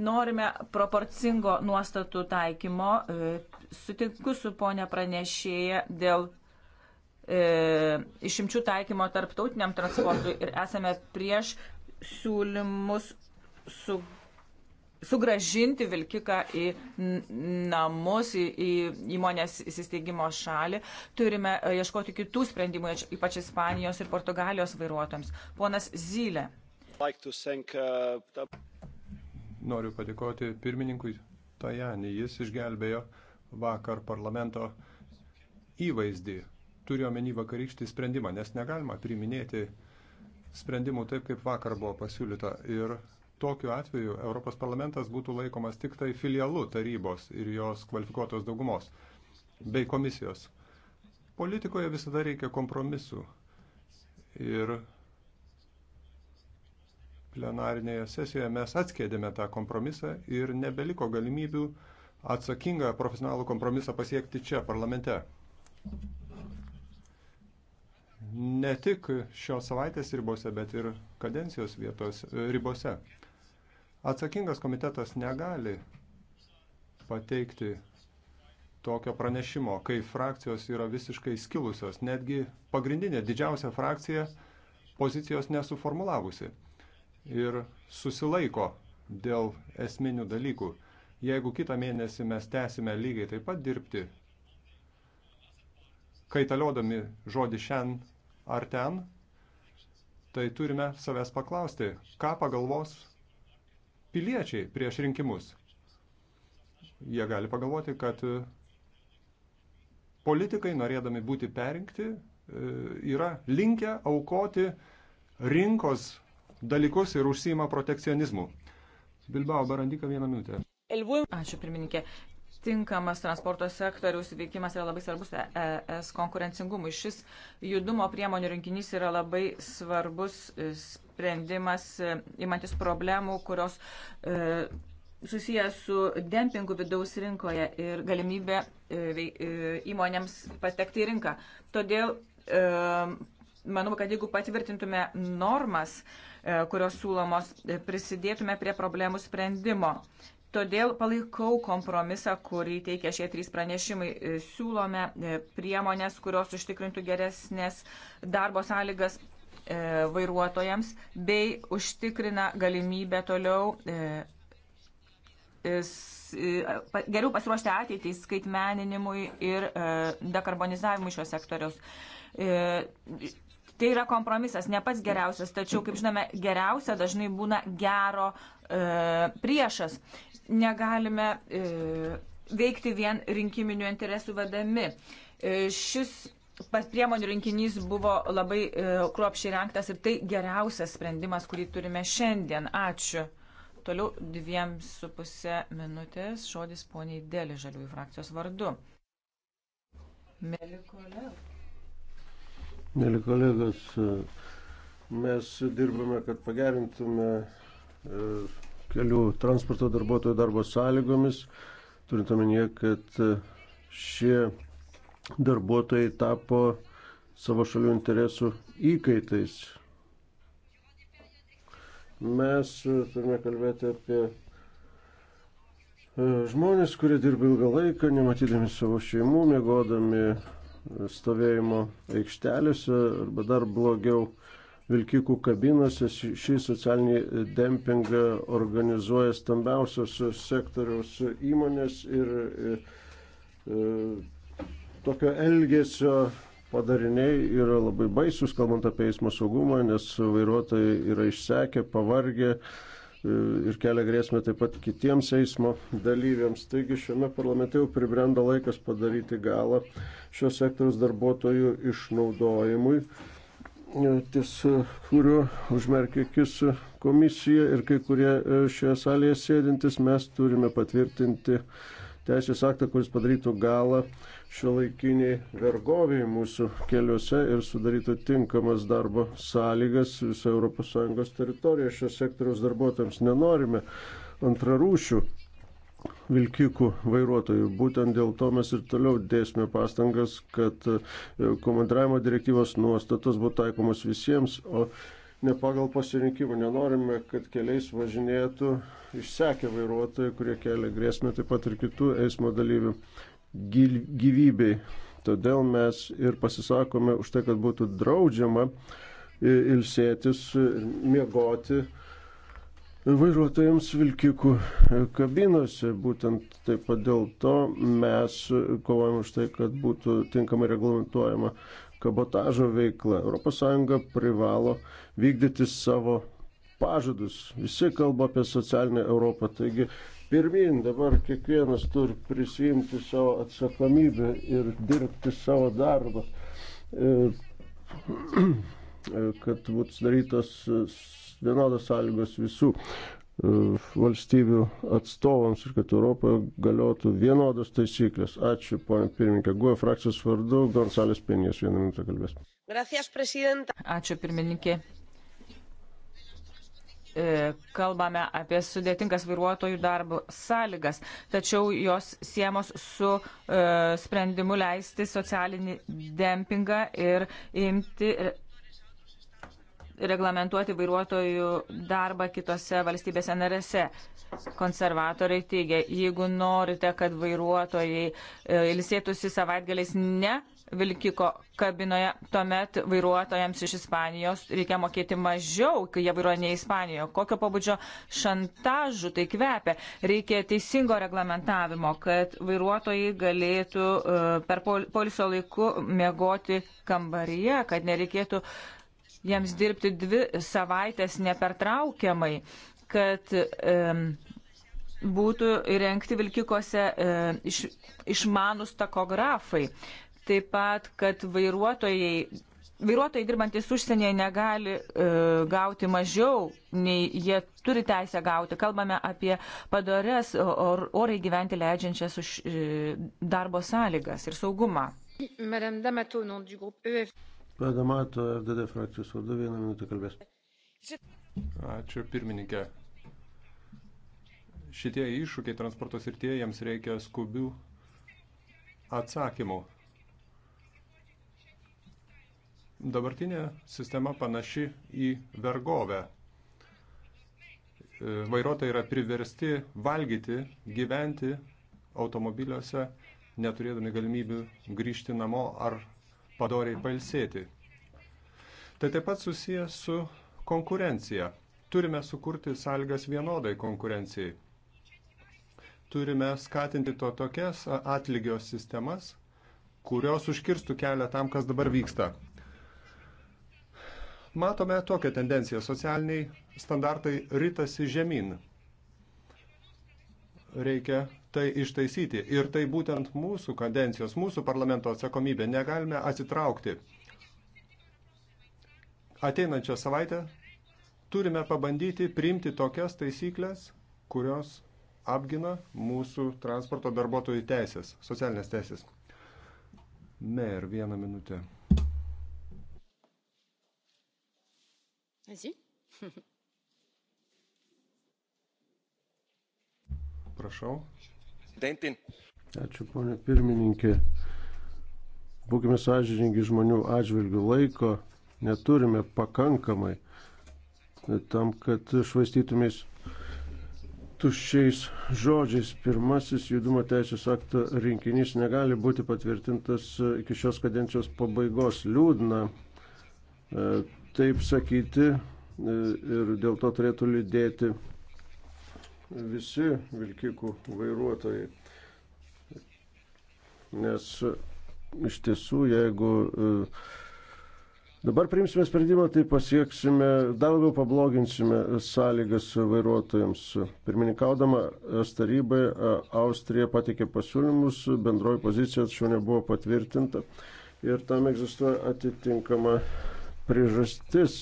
Norime proporcingo nuostatų taikymo. E, sutinku su ponia pranešėja dėl e, išimčių taikymo tarptautiniam transportui ir esame prieš siūlymus su sugražinti vilkiką į namus, į, į įmonės įsisteigimo šalį. Turime e, ieškoti kitų sprendimų, ypač Ispanijos ir Portugalijos vairuotojams. Ponas Zylė. Like thank, uh, the... Noriu padėkoti pirmininkui Tajani. Jis išgelbėjo vakar parlamento įvaizdį. Turiu omeny vakarykštį sprendimą, nes negalima priminėti sprendimų taip, kaip vakar buvo pasiūlyta. Ir tokiu atveju Europos parlamentas būtų laikomas tik tai filialu tarybos ir jos kvalifikuotos daugumos bei komisijos. Politikoje visada reikia kompromisų. Ir plenarinėje sesijoje mes atskėdėme tą kompromisą ir nebeliko galimybių atsakingą profesionalų kompromisą pasiekti čia, parlamente. Ne tik šios savaitės ribose, bet ir kadencijos vietos e, ribose. Atsakingas komitetas negali pateikti tokio pranešimo, kai frakcijos yra visiškai skilusios, netgi pagrindinė didžiausia frakcija pozicijos nesuformulavusi ir susilaiko dėl esminių dalykų. Jeigu kitą mėnesį mes tęsime lygiai taip pat dirbti, kaitaliodami žodį šiandien ar ten, tai turime savęs paklausti, ką pagalvos piliečiai prieš rinkimus. Jie gali pagalvoti, kad e, politikai, norėdami būti perinkti, e, yra linkę aukoti rinkos dalykus ir užsima protekcionizmu. Bilbao Barandika vieną minutę. Ačiū, pirmininkė. Tinkamas transporto sektoriaus veikimas yra labai svarbus e, ES konkurencingumui. Šis judumo priemonių rinkinys yra labai svarbus e, sprendimas e, imantis problemų, kurios e, susijęs su dempingu vidaus rinkoje ir galimybė įmonėms patekti į rinką. Todėl manau, kad jeigu patvirtintume normas, E, kurios siūlomos, e, prisidėtume prie problemų sprendimo. Todėl palaikau kompromisą, kurį teikia šie trys pranešimai. E, siūlome priemonės, kurios užtikrintų geresnės darbo sąlygas vairuotojams bei užtikrina galimybę toliau geriau pasiruošti ateitį skaitmeninimui ir dekarbonizavimui šios sektoriaus. Tai yra kompromisas, ne pats geriausias, tačiau, kaip žinome, geriausia dažnai būna gero e, priešas. Negalime e, veikti vien rinkiminių interesų vadami. E, šis priemonių rinkinys buvo labai e, kruopšiai renktas ir tai geriausias sprendimas, kurį turime šiandien. Ačiū. Toliau dviem su pusė minutės žodis poniai Dėlį žaliųjų frakcijos vardu. Mėly kolegos. Mėly kolegos, mes dirbame, kad pagerintume e, kelių transporto darbuotojų darbo sąlygomis, turint omenyje, kad e, šie darbuotojai tapo savo šalių interesų įkaitais. Mes e, turime kalbėti apie žmonės, kurie dirba ilgą laiką, nematydami savo šeimų, mėgodami stovėjimo aikštelėse arba dar blogiau vilkikų kabinose. Šį socialinį dempingą organizuoja stambiausios sektoriaus įmonės ir e, tokio elgesio padariniai yra labai baisus, kalbant apie eismo saugumą, nes vairuotojai yra išsekę, pavargę, ir kelia grėsmę taip pat kitiems eismo dalyviams. Taigi šiame parlamente jau pribrendo laikas padaryti galą šios sektoriaus darbuotojų išnaudojimui e, ties e, kuriuo užmerkia akis komisija ir kai kurie e, šioje salėje sėdintis mes turime patvirtinti teisės aktą, kuris padarytų galą šiuolaikiniai vergoviai mūsų keliuose ir sudarytų tinkamas darbo sąlygas viso ES teritorijoje šio sektoriaus darbuotojams. Nenorime antrarūšių vilkikų vairuotojų. Būtent dėl to mes ir toliau dėsime pastangas, kad e, komandiravimo direktyvos nuostatos būtų taikomos visiems, o ne pagal pasirinkimą. Nenorime, kad keliais važinėtų išsekę vairuotojai, kurie kelia grėsmę taip pat ir kitų eismo dalyvių gyvybei. Todėl mes ir pasisakome už tai, kad būtų draudžiama e, ilsėtis ir miegoti vairuotojams vilkikų e, kabinose. Būtent taip pat dėl to mes kovojame už tai, kad būtų tinkamai reglamentuojama kabotažo veikla. ES privalo vykdyti savo pažadus. Visi kalba apie socialinę Europą. Taigi pirmin dabar kiekvienas turi prisimti savo atsakomybę ir dirbti savo darbą, e, e, kad būtų sudarytos vienodos sąlygos visų e, valstybių atstovams ir kad Europoje galiotų vienodos taisyklės. Ačiū, ponė pirmininkė. Guo frakcijos vardu Gonzalės Penijas vieną minutę kalbės. Gracias, Ačiū, pirmininkė. E, kalbame apie sudėtingas vairuotojų darbo sąlygas, tačiau jos siemos su e, sprendimu leisti socialinį dempingą ir imti reglamentuoti vairuotojų darbą kitose valstybėse narėse. Konservatoriai teigia, jeigu norite, kad vairuotojai e, ilsėtųsi savaitgaliais ne vilkiko kabinoje, tuomet vairuotojams iš Ispanijos reikia mokėti mažiau, kai jie vairuoja ne Ispanijoje. Kokio pabudžio šantažų tai kvepia? Reikia teisingo reglamentavimo, kad vairuotojai galėtų e, per poliso laiku mėgoti kambaryje, kad nereikėtų jiems dirbti dvi savaitės nepertraukiamai, kad um, būtų įrengti vilkikose e, iš, išmanus takografai taip pat, kad vairuotojai vairuotojai dirbantis užsienyje negali e, gauti mažiau, nei jie turi teisę gauti. Kalbame apie padorės or, orai gyventi leidžiančias už e, darbo sąlygas ir saugumą. Madame Damato, e FDD frakcijos vardu, vieną minutę kalbės. Ačiū pirmininkė. Šitie iššūkiai transporto srityje jiems reikia skubių atsakymų. Dabartinė sistema panaši į vergovę. E, vairuotojai yra priversti valgyti, gyventi automobiliuose, neturėdami galimybių grįžti namo ar padoriai palsėti. Tai taip pat susijęs su konkurencija. Turime sukurti sąlygas vienodai konkurencijai. Turime skatinti to tokias atlygio sistemas, kurios užkirstų kelią tam, kas dabar vyksta. Matome tokią tendenciją. Socialiniai standartai rytasi žemyn. Reikia tai ištaisyti. Ir tai būtent mūsų kadencijos, mūsų parlamento atsakomybė. Negalime atsitraukti. Ateinančią savaitę turime pabandyti priimti tokias taisyklės, kurios apgina mūsų transporto darbuotojų teisės, socialinės teisės. Mer, vieną minutę. Vas-y. Prašau. Dentin. Ačiū, ponė pirmininkė. Būkime sąžininkai žmonių atžvilgių laiko, neturime pakankamai tam, kad švaistytumės tuščiais žodžiais. Pirmasis judumo teisės akto rinkinys negali būti patvirtintas iki šios kadencijos pabaigos. Liūdna, e, taip sakyti e, ir dėl to turėtų lydėti visi vilkikų vairuotojai. Nes iš tiesų, jeigu e, dabar priimsime sprendimą, tai pasieksime, dar labiau pabloginsime sąlygas vairuotojams. Pirmininkaudama S tarybai e, Austrija patikė pasiūlymus, bendroji pozicija tačiau nebuvo patvirtinta ir tam egzistuoja atitinkama priežastis,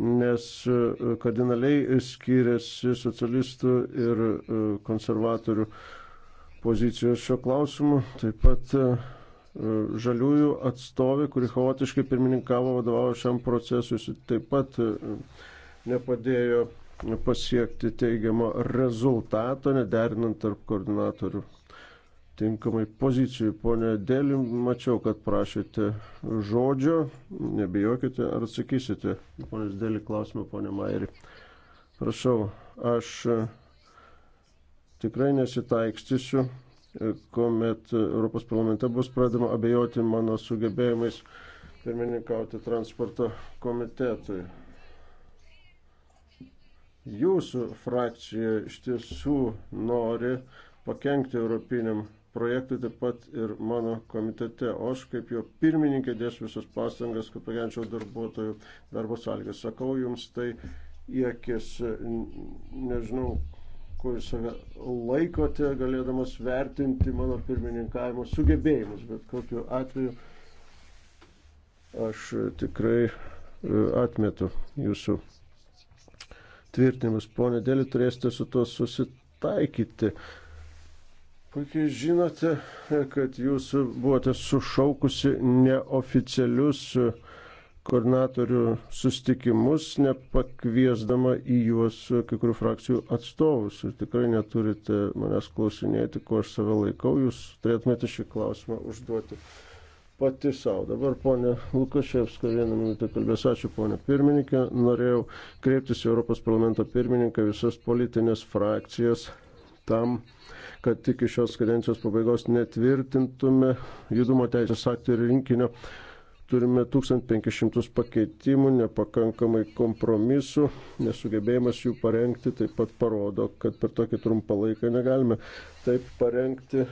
nes e, kardinaliai skiriasi socialistų ir e, konservatorių pozicijos šio klausimu. Taip pat e, žaliųjų atstovė, kuri chaotiškai pirmininkavo, vadovavo šiam procesui, taip pat nepadėjo pasiekti teigiamo rezultato, nederinant tarp koordinatorių tinkamai pozicijų. Pone Dėlį, mačiau, kad prašėte žodžio, nebijokite, ar atsakysite. Pone Dėlį, klausimą, pone Mairi. Prašau, aš e, tikrai nesitaikstysiu, e, kuomet Europos parlamente bus pradama abejoti mano sugebėjimais pirmininkauti transporto komitetui. Jūsų frakcija iš tiesų nori pakengti europiniam projektui, taip pat ir mano komitete. O aš kaip jo pirmininkė dės visas pastangas, kad pagerinčiau darbuotojų darbo sąlygas. Sakau jums tai į akis, nežinau, kuo jūs save laikote, galėdamas vertinti mano pirmininkavimo sugebėjimus, bet kokiu atveju aš tikrai e, atmetu jūsų tvirtinimus. Pone Dėlį, turėsite su to susitaikyti. Puikiai žinote, kad jūs buvote sušaukusi neoficialius koordinatorių sustikimus, nepakviesdama į juos kai kurių frakcijų atstovus. Jūs tikrai neturite manęs klausinėti, ko aš save laikau. Jūs turėtumėte šį klausimą užduoti pati savo. Dabar ponė Lukaševska vieną minutę kalbės. Ačiū ponė pirmininkė. Norėjau kreiptis į Europos parlamento pirmininką visas politinės frakcijas tam, kad iki šios kadencijos pabaigos netvirtintume judumo teisės aktų ir rinkinio. Turime 1500 pakeitimų, nepakankamai kompromisų, nesugebėjimas jų parengti taip pat parodo, kad per tokį trumpą laiką negalime taip parengti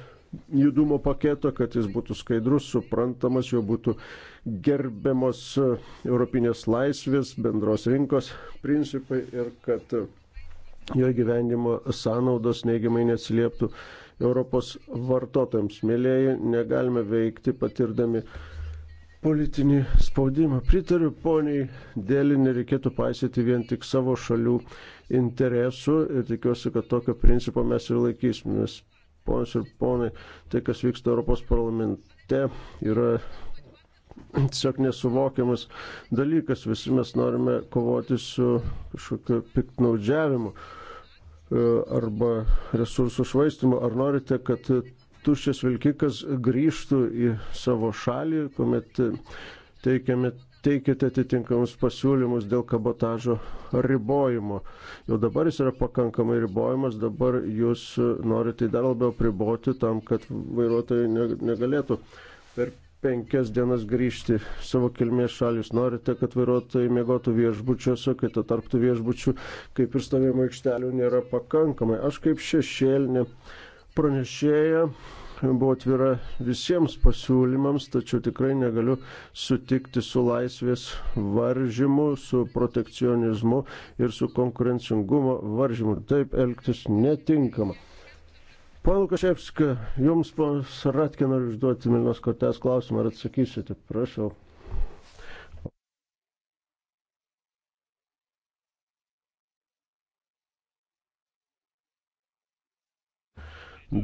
judumo paketo, kad jis būtų skaidrus, suprantamas, jo būtų gerbiamos europinės laisvės, bendros rinkos principai ir kad jo gyvenimo sąnaudos neigiamai neatsilieptų Europos vartotojams. Mėlėjai, negalime veikti patirdami politinį spaudimą. Pritariu poniai, dėl nereikėtų paisyti vien tik savo šalių interesų ir tikiuosi, kad tokio principo mes ir laikysimės. Ponas ir ponai, tai, kas vyksta Europos parlamente, yra tiesiog nesuvokiamas dalykas. Visi mes norime kovoti su kažkokiu piktnaudžiavimu. E, arba resursų švaistimo. Ar norite, kad tuščias vilkikas grįžtų į savo šalį, kuomet teikiame teikite atitinkamus pasiūlymus dėl kabotažo ribojimo. Jau dabar jis yra pakankamai ribojamas, dabar jūs norite dar labiau priboti tam, kad vairuotojai negalėtų per penkias dienas grįžti savo kilmės šalis. Norite, kad vairuotojai mėgotų viešbučiuose, kai to tarptų viešbučių, kaip ir stovimo aikštelių, nėra pakankamai. Aš kaip šešėlinė pranešėja buvau atvira visiems pasiūlymams, tačiau tikrai negaliu sutikti su laisvės varžymu, su protekcionizmu ir su konkurencingumo varžymu. Taip elgtis netinkama. Pana Lukaševska, jums pas Ratkin noriu užduoti Milnos kortės klausimą, ar atsakysite, prašau.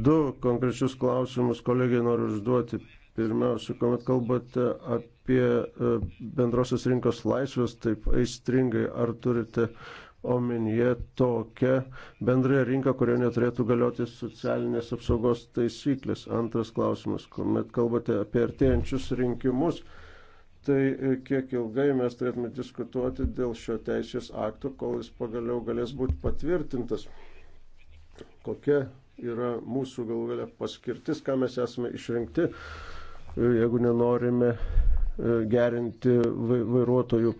Du konkrečius klausimus kolegiai noriu užduoti. Pirmiausia, kuomet kalbate apie e, bendrosios rinkos laisvės taip aistringai, ar turite uh, omenyje tokią bendrąją rinką, kurioje neturėtų galioti socialinės apsaugos taisyklės. Antras klausimas, kuomet kalbate apie artėjančius rinkimus, tai kiek ilgai mes turėtume diskutuoti dėl šio teisės akto, kol jis pagaliau galės būti patvirtintas. Kokia yra mūsų galų galia paskirtis, ką mes esame išrinkti, jeigu nenorime E, gerinti vairuotojų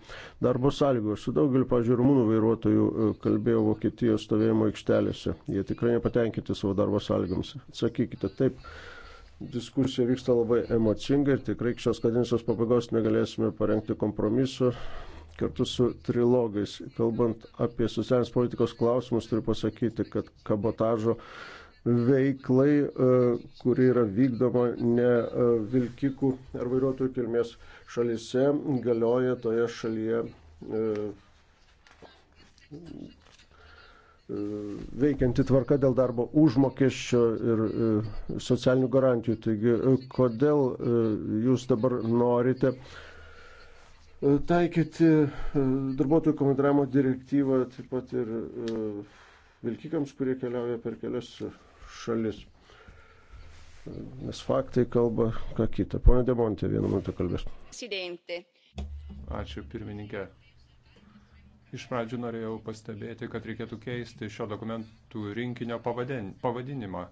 darbo sąlygų. Aš su daugeliu, pažiūrėjau, rumūnų vairuotojų e, kalbėjau Vokietijos stovėjimo aikštelėse. Jie tikrai nepatenkinti savo darbo sąlygomis. Atsakykite taip. Diskusija vyksta labai emocingai ir tikrai šios kadencijos pabaigos negalėsime parengti kompromisu kartu su trilogais. Kalbant apie socialinės politikos klausimus, turiu pasakyti, kad kabotažo veiklai, e, kuri yra vykdoma ne e, vilkikų ar vairuotojų kilmės šalise, galioja toje šalyje e, veikianti tvarka dėl darbo užmokesčio ir socialinių garantijų. Taigi, kodėl jūs dabar norite taikyti darbuotojų komandiravimo direktyvą taip pat ir vilkikams, kurie keliauja per kelias šalis. Nes faktai kalba ką kitą. Pone Demontė, vieną minutę kalbės. Ačiū pirmininkė. Iš pradžių norėjau pastebėti, kad reikėtų keisti šio dokumentų rinkinio pavadinimą.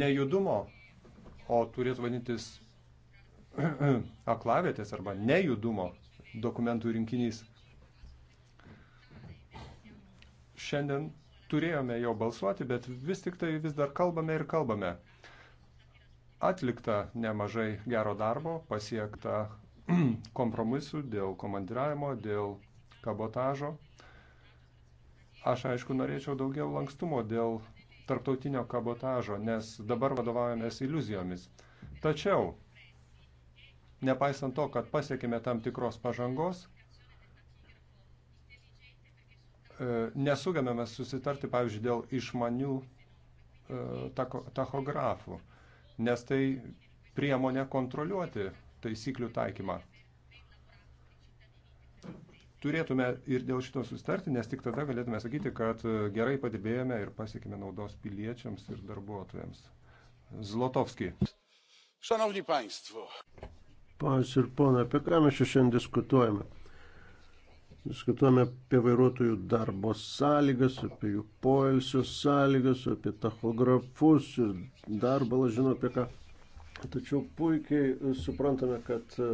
Ne judumo, o turėtų vadintis [clears throat] aklavietės arba nejudumo dokumentų rinkinys. Šiandien turėjome jau balsuoti, bet vis tik tai vis dar kalbame ir kalbame. Atlikta nemažai gero darbo, pasiekta [clears throat] kompromisų dėl komandiravimo, dėl kabotažo. Aš aišku norėčiau daugiau lankstumo dėl tarptautinio kabotažo, nes dabar vadovaujamės iliuzijomis. Tačiau, nepaisant to, kad pasiekime tam tikros pažangos, E, nesugebame susitarti, pavyzdžiui, dėl išmanių e, tachografų, nes tai priemonė kontroliuoti taisyklių taikymą. Turėtume ir dėl šito sustarti, nes tik tada galėtume sakyti, kad e, gerai padirbėjome ir pasiekime naudos piliečiams ir darbuotojams. Zlotovski. Šanovni paistvo. Pans ir ponai, apie ką mes šiandien diskutuojame? Diskutuojame apie vairuotojų darbo sąlygas, apie jų poilsio sąlygas, apie tachografus ir darbą, žinau apie ką. Tačiau puikiai suprantame, kad e,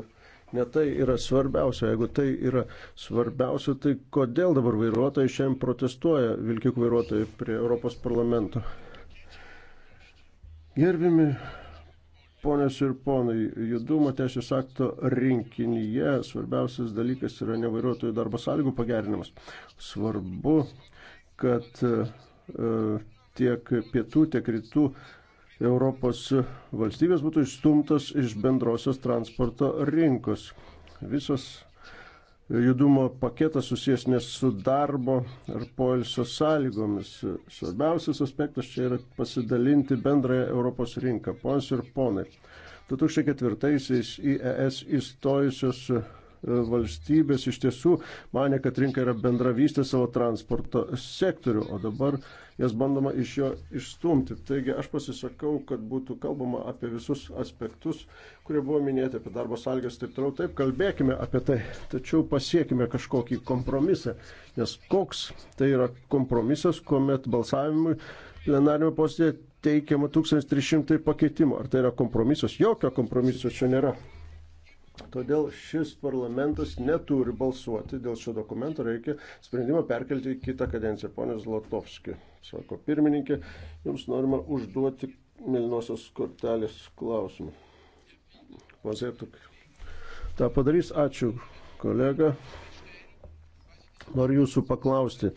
ne tai yra svarbiausia. Jeigu tai yra svarbiausia, tai kodėl dabar vairuotojai šiandien protestuoja, vilkikų vairuotojai prie Europos parlamento? Gerbimi Ponios ir ponai, judumo teisės akto rinkinyje svarbiausias dalykas yra ne vairuotojų darbo sąlygų pagerinimas. Svarbu, kad e, tiek pietų, tiek rytų Europos valstybės būtų išstumtos iš bendrosios transporto rinkos. Visos judumo paketas susijęs nes su darbo ar poilsio sąlygomis. Svarbiausias aspektas čia yra pasidalinti bendrąją Europos rinką. Ponas ir ponai, 2004-aisiais į ES įstojusios valstybės iš tiesų mane, kad rinka yra bendravystė savo transporto sektorių, o dabar jas bandoma iš jo išstumti. Taigi aš pasisakau, kad būtų kalbama apie visus aspektus, kurie buvo minėti, apie darbo sąlygas ir taip toliau. Taip, kalbėkime apie tai, tačiau pasiekime kažkokį kompromisą, nes koks tai yra kompromisas, kuomet balsavimui plenarime posėdėje teikiama 1300 pakeitimų. Ar tai yra kompromisas? Jokio kompromiso čia nėra. Todėl šis parlamentas neturi balsuoti dėl šio dokumento, reikia sprendimą perkelti į kitą kadenciją. Pone Zlatovski, sako pirmininkė, jums norima užduoti Milinosios kortelės klausimą. Mazėtuk. Ta padarys, ačiū kolega. Noriu jūsų paklausti,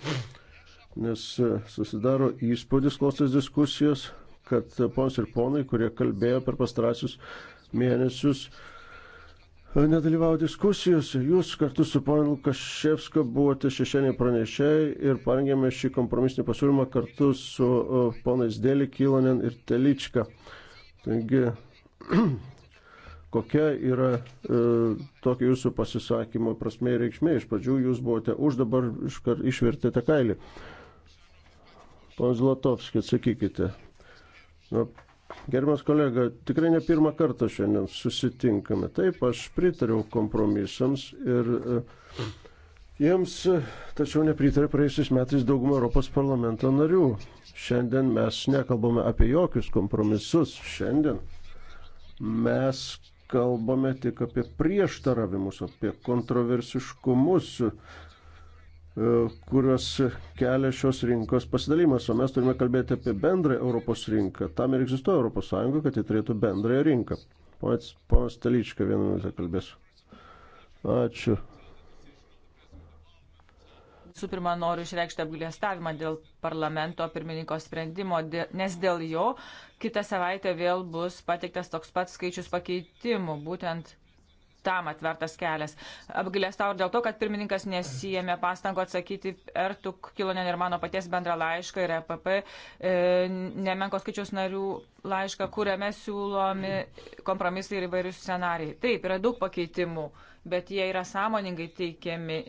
nes e, susidaro įspūdis klausęs diskusijos, kad e, pons ir ponai, kurie kalbėjo per pastarasius mėnesius, uh, nedalyvavo diskusijose. Jūs kartu su ponu Lukaševska buvote šešėlė pranešėjai ir parengėme šį kompromisinį pasiūlymą kartu su ponais Dėlį, Kilonen ir Telička. Taigi, [clears throat] kokia yra e, tokia jūsų pasisakymo prasme ir reikšmė? Iš pradžių jūs buvote už, dabar iškart išvertėte kailį. Pons Zlatovskis, atsakykite. Na, Gerbiamas kolega, tikrai ne pirmą kartą šiandien susitinkame. Taip, aš pritariau kompromisams ir e, jiems, e, tačiau nepritarė praėjusiais metais dauguma Europos parlamento narių. Šiandien mes nekalbame apie jokius kompromisus. Šiandien mes kalbame tik apie prieštaravimus, apie kontroversiškumus, kuriuos kelia šios rinkos pasidalimas, o mes turime kalbėti apie bendrą Europos rinką. Tam ir egzistuoja Europos Sąjunga, kad jie turėtų bendrąją rinką. Ponas Teličką vieną minutę kalbėsiu. Ačiū. Visų pirma, noriu išreikšti apgulėstavimą dėl parlamento pirmininko sprendimo, nes dėl jo kitą savaitę vėl bus pateiktas toks pats skaičius pakeitimų, būtent tam atvertas kelias. Apgailestau dėl to, kad pirmininkas nesijėmė pastango atsakyti Ertuk Kilonen ir mano paties bendrą laišką ir EPP e, nemenkos skaičiaus narių laišką, kuriame siūlomi kompromisai ir įvairius scenarijai. Taip, yra daug pakeitimų, bet jie yra sąmoningai teikiami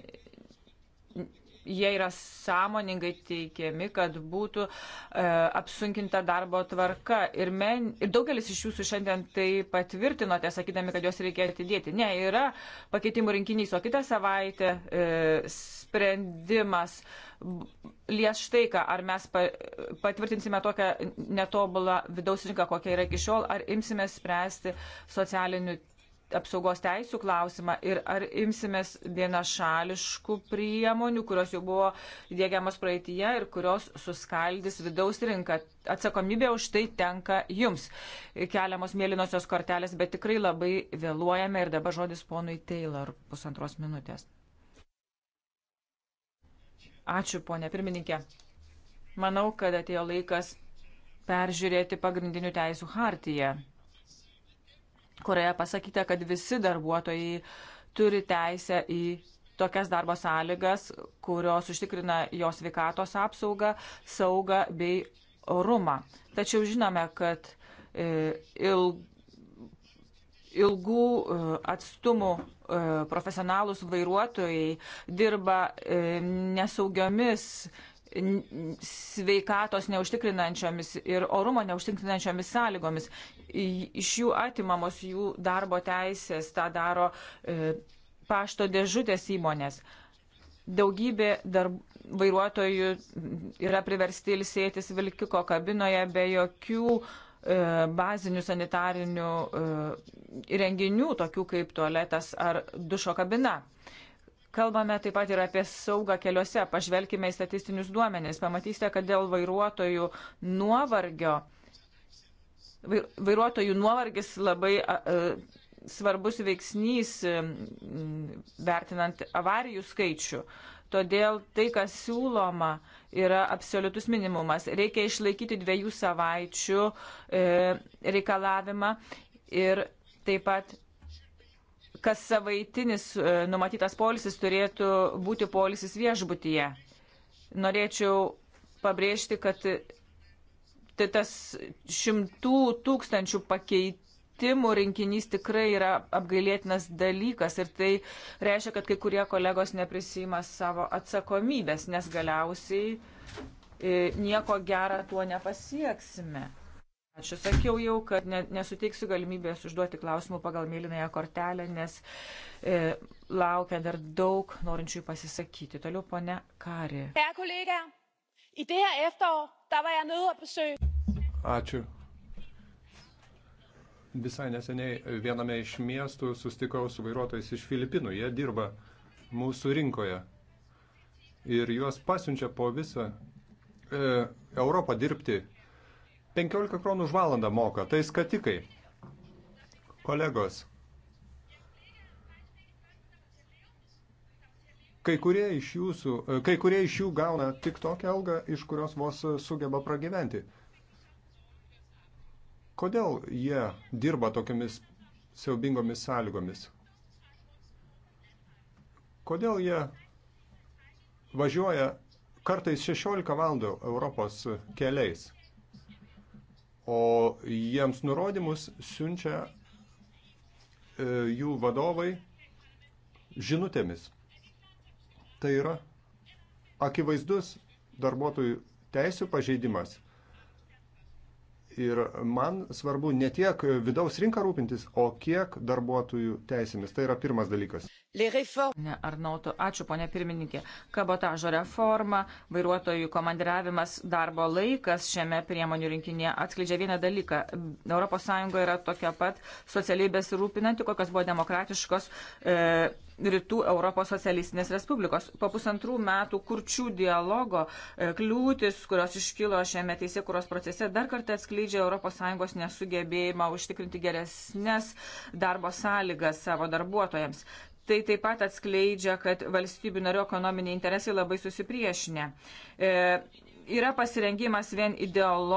jie yra sąmoningai teikiami, kad būtų e, apsunkinta darbo tvarka. Ir, men, ir daugelis iš jūsų šiandien tai patvirtinote, sakydami, kad juos reikia atidėti. Ne, yra pakeitimų rinkinys, o kitą savaitę e, sprendimas lies štai ką, ar mes pa, patvirtinsime tokią netobulą vidaus rinką, kokia yra iki šiol, ar imsime spręsti socialinių apsaugos teisų klausimą ir ar imsimės vienašališkų priemonių, kurios jau buvo dėgiamas praeitie ir kurios suskaldys vidaus rinką. Atsakomybė už tai tenka jums. Keliamos mėlynosios kortelės, bet tikrai labai vėluojame ir dabar žodis ponui Taylor pusantros minutės. Ačiū, ponė pirmininkė. Manau, kad atėjo laikas peržiūrėti pagrindinių teisų hartiją kurioje pasakyta, kad visi darbuotojai turi teisę į tokias darbo sąlygas, kurios užtikrina jos sveikatos apsaugą, saugą bei orumą. Tačiau žinome, kad e, il, ilgų e, atstumų e, profesionalus vairuotojai dirba nesaugiomis sveikatos neužtikrinančiomis ir orumo neužtikrinančiomis sąlygomis. Iš jų atimamos jų darbo teisės, tą daro e, pašto dėžutės įmonės. Daugybė darb... vairuotojų yra priversti ilsėtis vilkiko kabinoje be jokių e, bazinių sanitarinių e, įrenginių, tokių kaip tualetas ar dušo kabina. Kalbame taip pat ir apie saugą keliuose. Pažvelkime į statistinius duomenis. Pamatysite, kad dėl vairuotojų nuovargio, vairuotojų nuovargis labai uh, svarbus veiksnys vertinant avarijų skaičių. Todėl tai, kas siūloma, yra absoliutus minimumas. Reikia išlaikyti dviejų savaičių e, reikalavimą ir taip pat kas savaitinis e, numatytas polisis turėtų būti polisis viešbutyje. Norėčiau pabrėžti, kad tai tas šimtų tūkstančių pakeitimų rinkinys tikrai yra apgailėtinas dalykas ir tai reiškia, kad kai kurie kolegos neprisima savo atsakomybės, nes galiausiai e, nieko gera tuo nepasieksime. Ačiū, sakiau jau, kad ne, nesuteiksiu galimybės užduoti klausimų pagal mėlynąją kortelę, nes e, laukia dar daug norinčių pasisakyti. Toliau, ponia Kari. Ačiū. Visai neseniai viename iš miestų sustikau su vairuotojais iš Filipinų. Jie dirba mūsų rinkoje. Ir juos pasiunčia po visą e, Europą dirbti 15 kronų už valandą moka, tai skatikai. Kolegos, kai kurie iš, jūsų, e, kai kurie iš jų gauna tik tokią algą, iš kurios vos e, sugeba pragyventi. Kodėl jie dirba tokiamis siaubingomis sąlygomis? Kodėl jie važiuoja kartais 16 valandų Europos keliais? o jiems nurodymus siunčia e, jų vadovai žinutėmis. Tai yra akivaizdus darbuotojų teisų pažeidimas. Ir man svarbu ne tiek vidaus rinką rūpintis, o kiek darbuotojų teisėmis. Tai yra pirmas dalykas. Ne, Arnautu, ačiū ponė pirmininkė. Kabotažo reforma, vairuotojų komandiravimas, darbo laikas šiame priemonių rinkinėje atskleidžia vieną dalyką. ES yra tokia pat socialiai besirūpinanti, kokios buvo demokratiškos. E, Rytų Europos socialistinės Respublikos. Po pusantrų metų kurčių dialogo e, kliūtis, kurios iškilo šiame teisėkuros procese, dar kartą atskleidžia ES nesugebėjimą užtikrinti geresnės darbo sąlygas savo darbuotojams. Tai taip pat atskleidžia, kad valstybių narių ekonominiai interesai labai susipriešinę. E, yra pasirengimas vien ideologijos.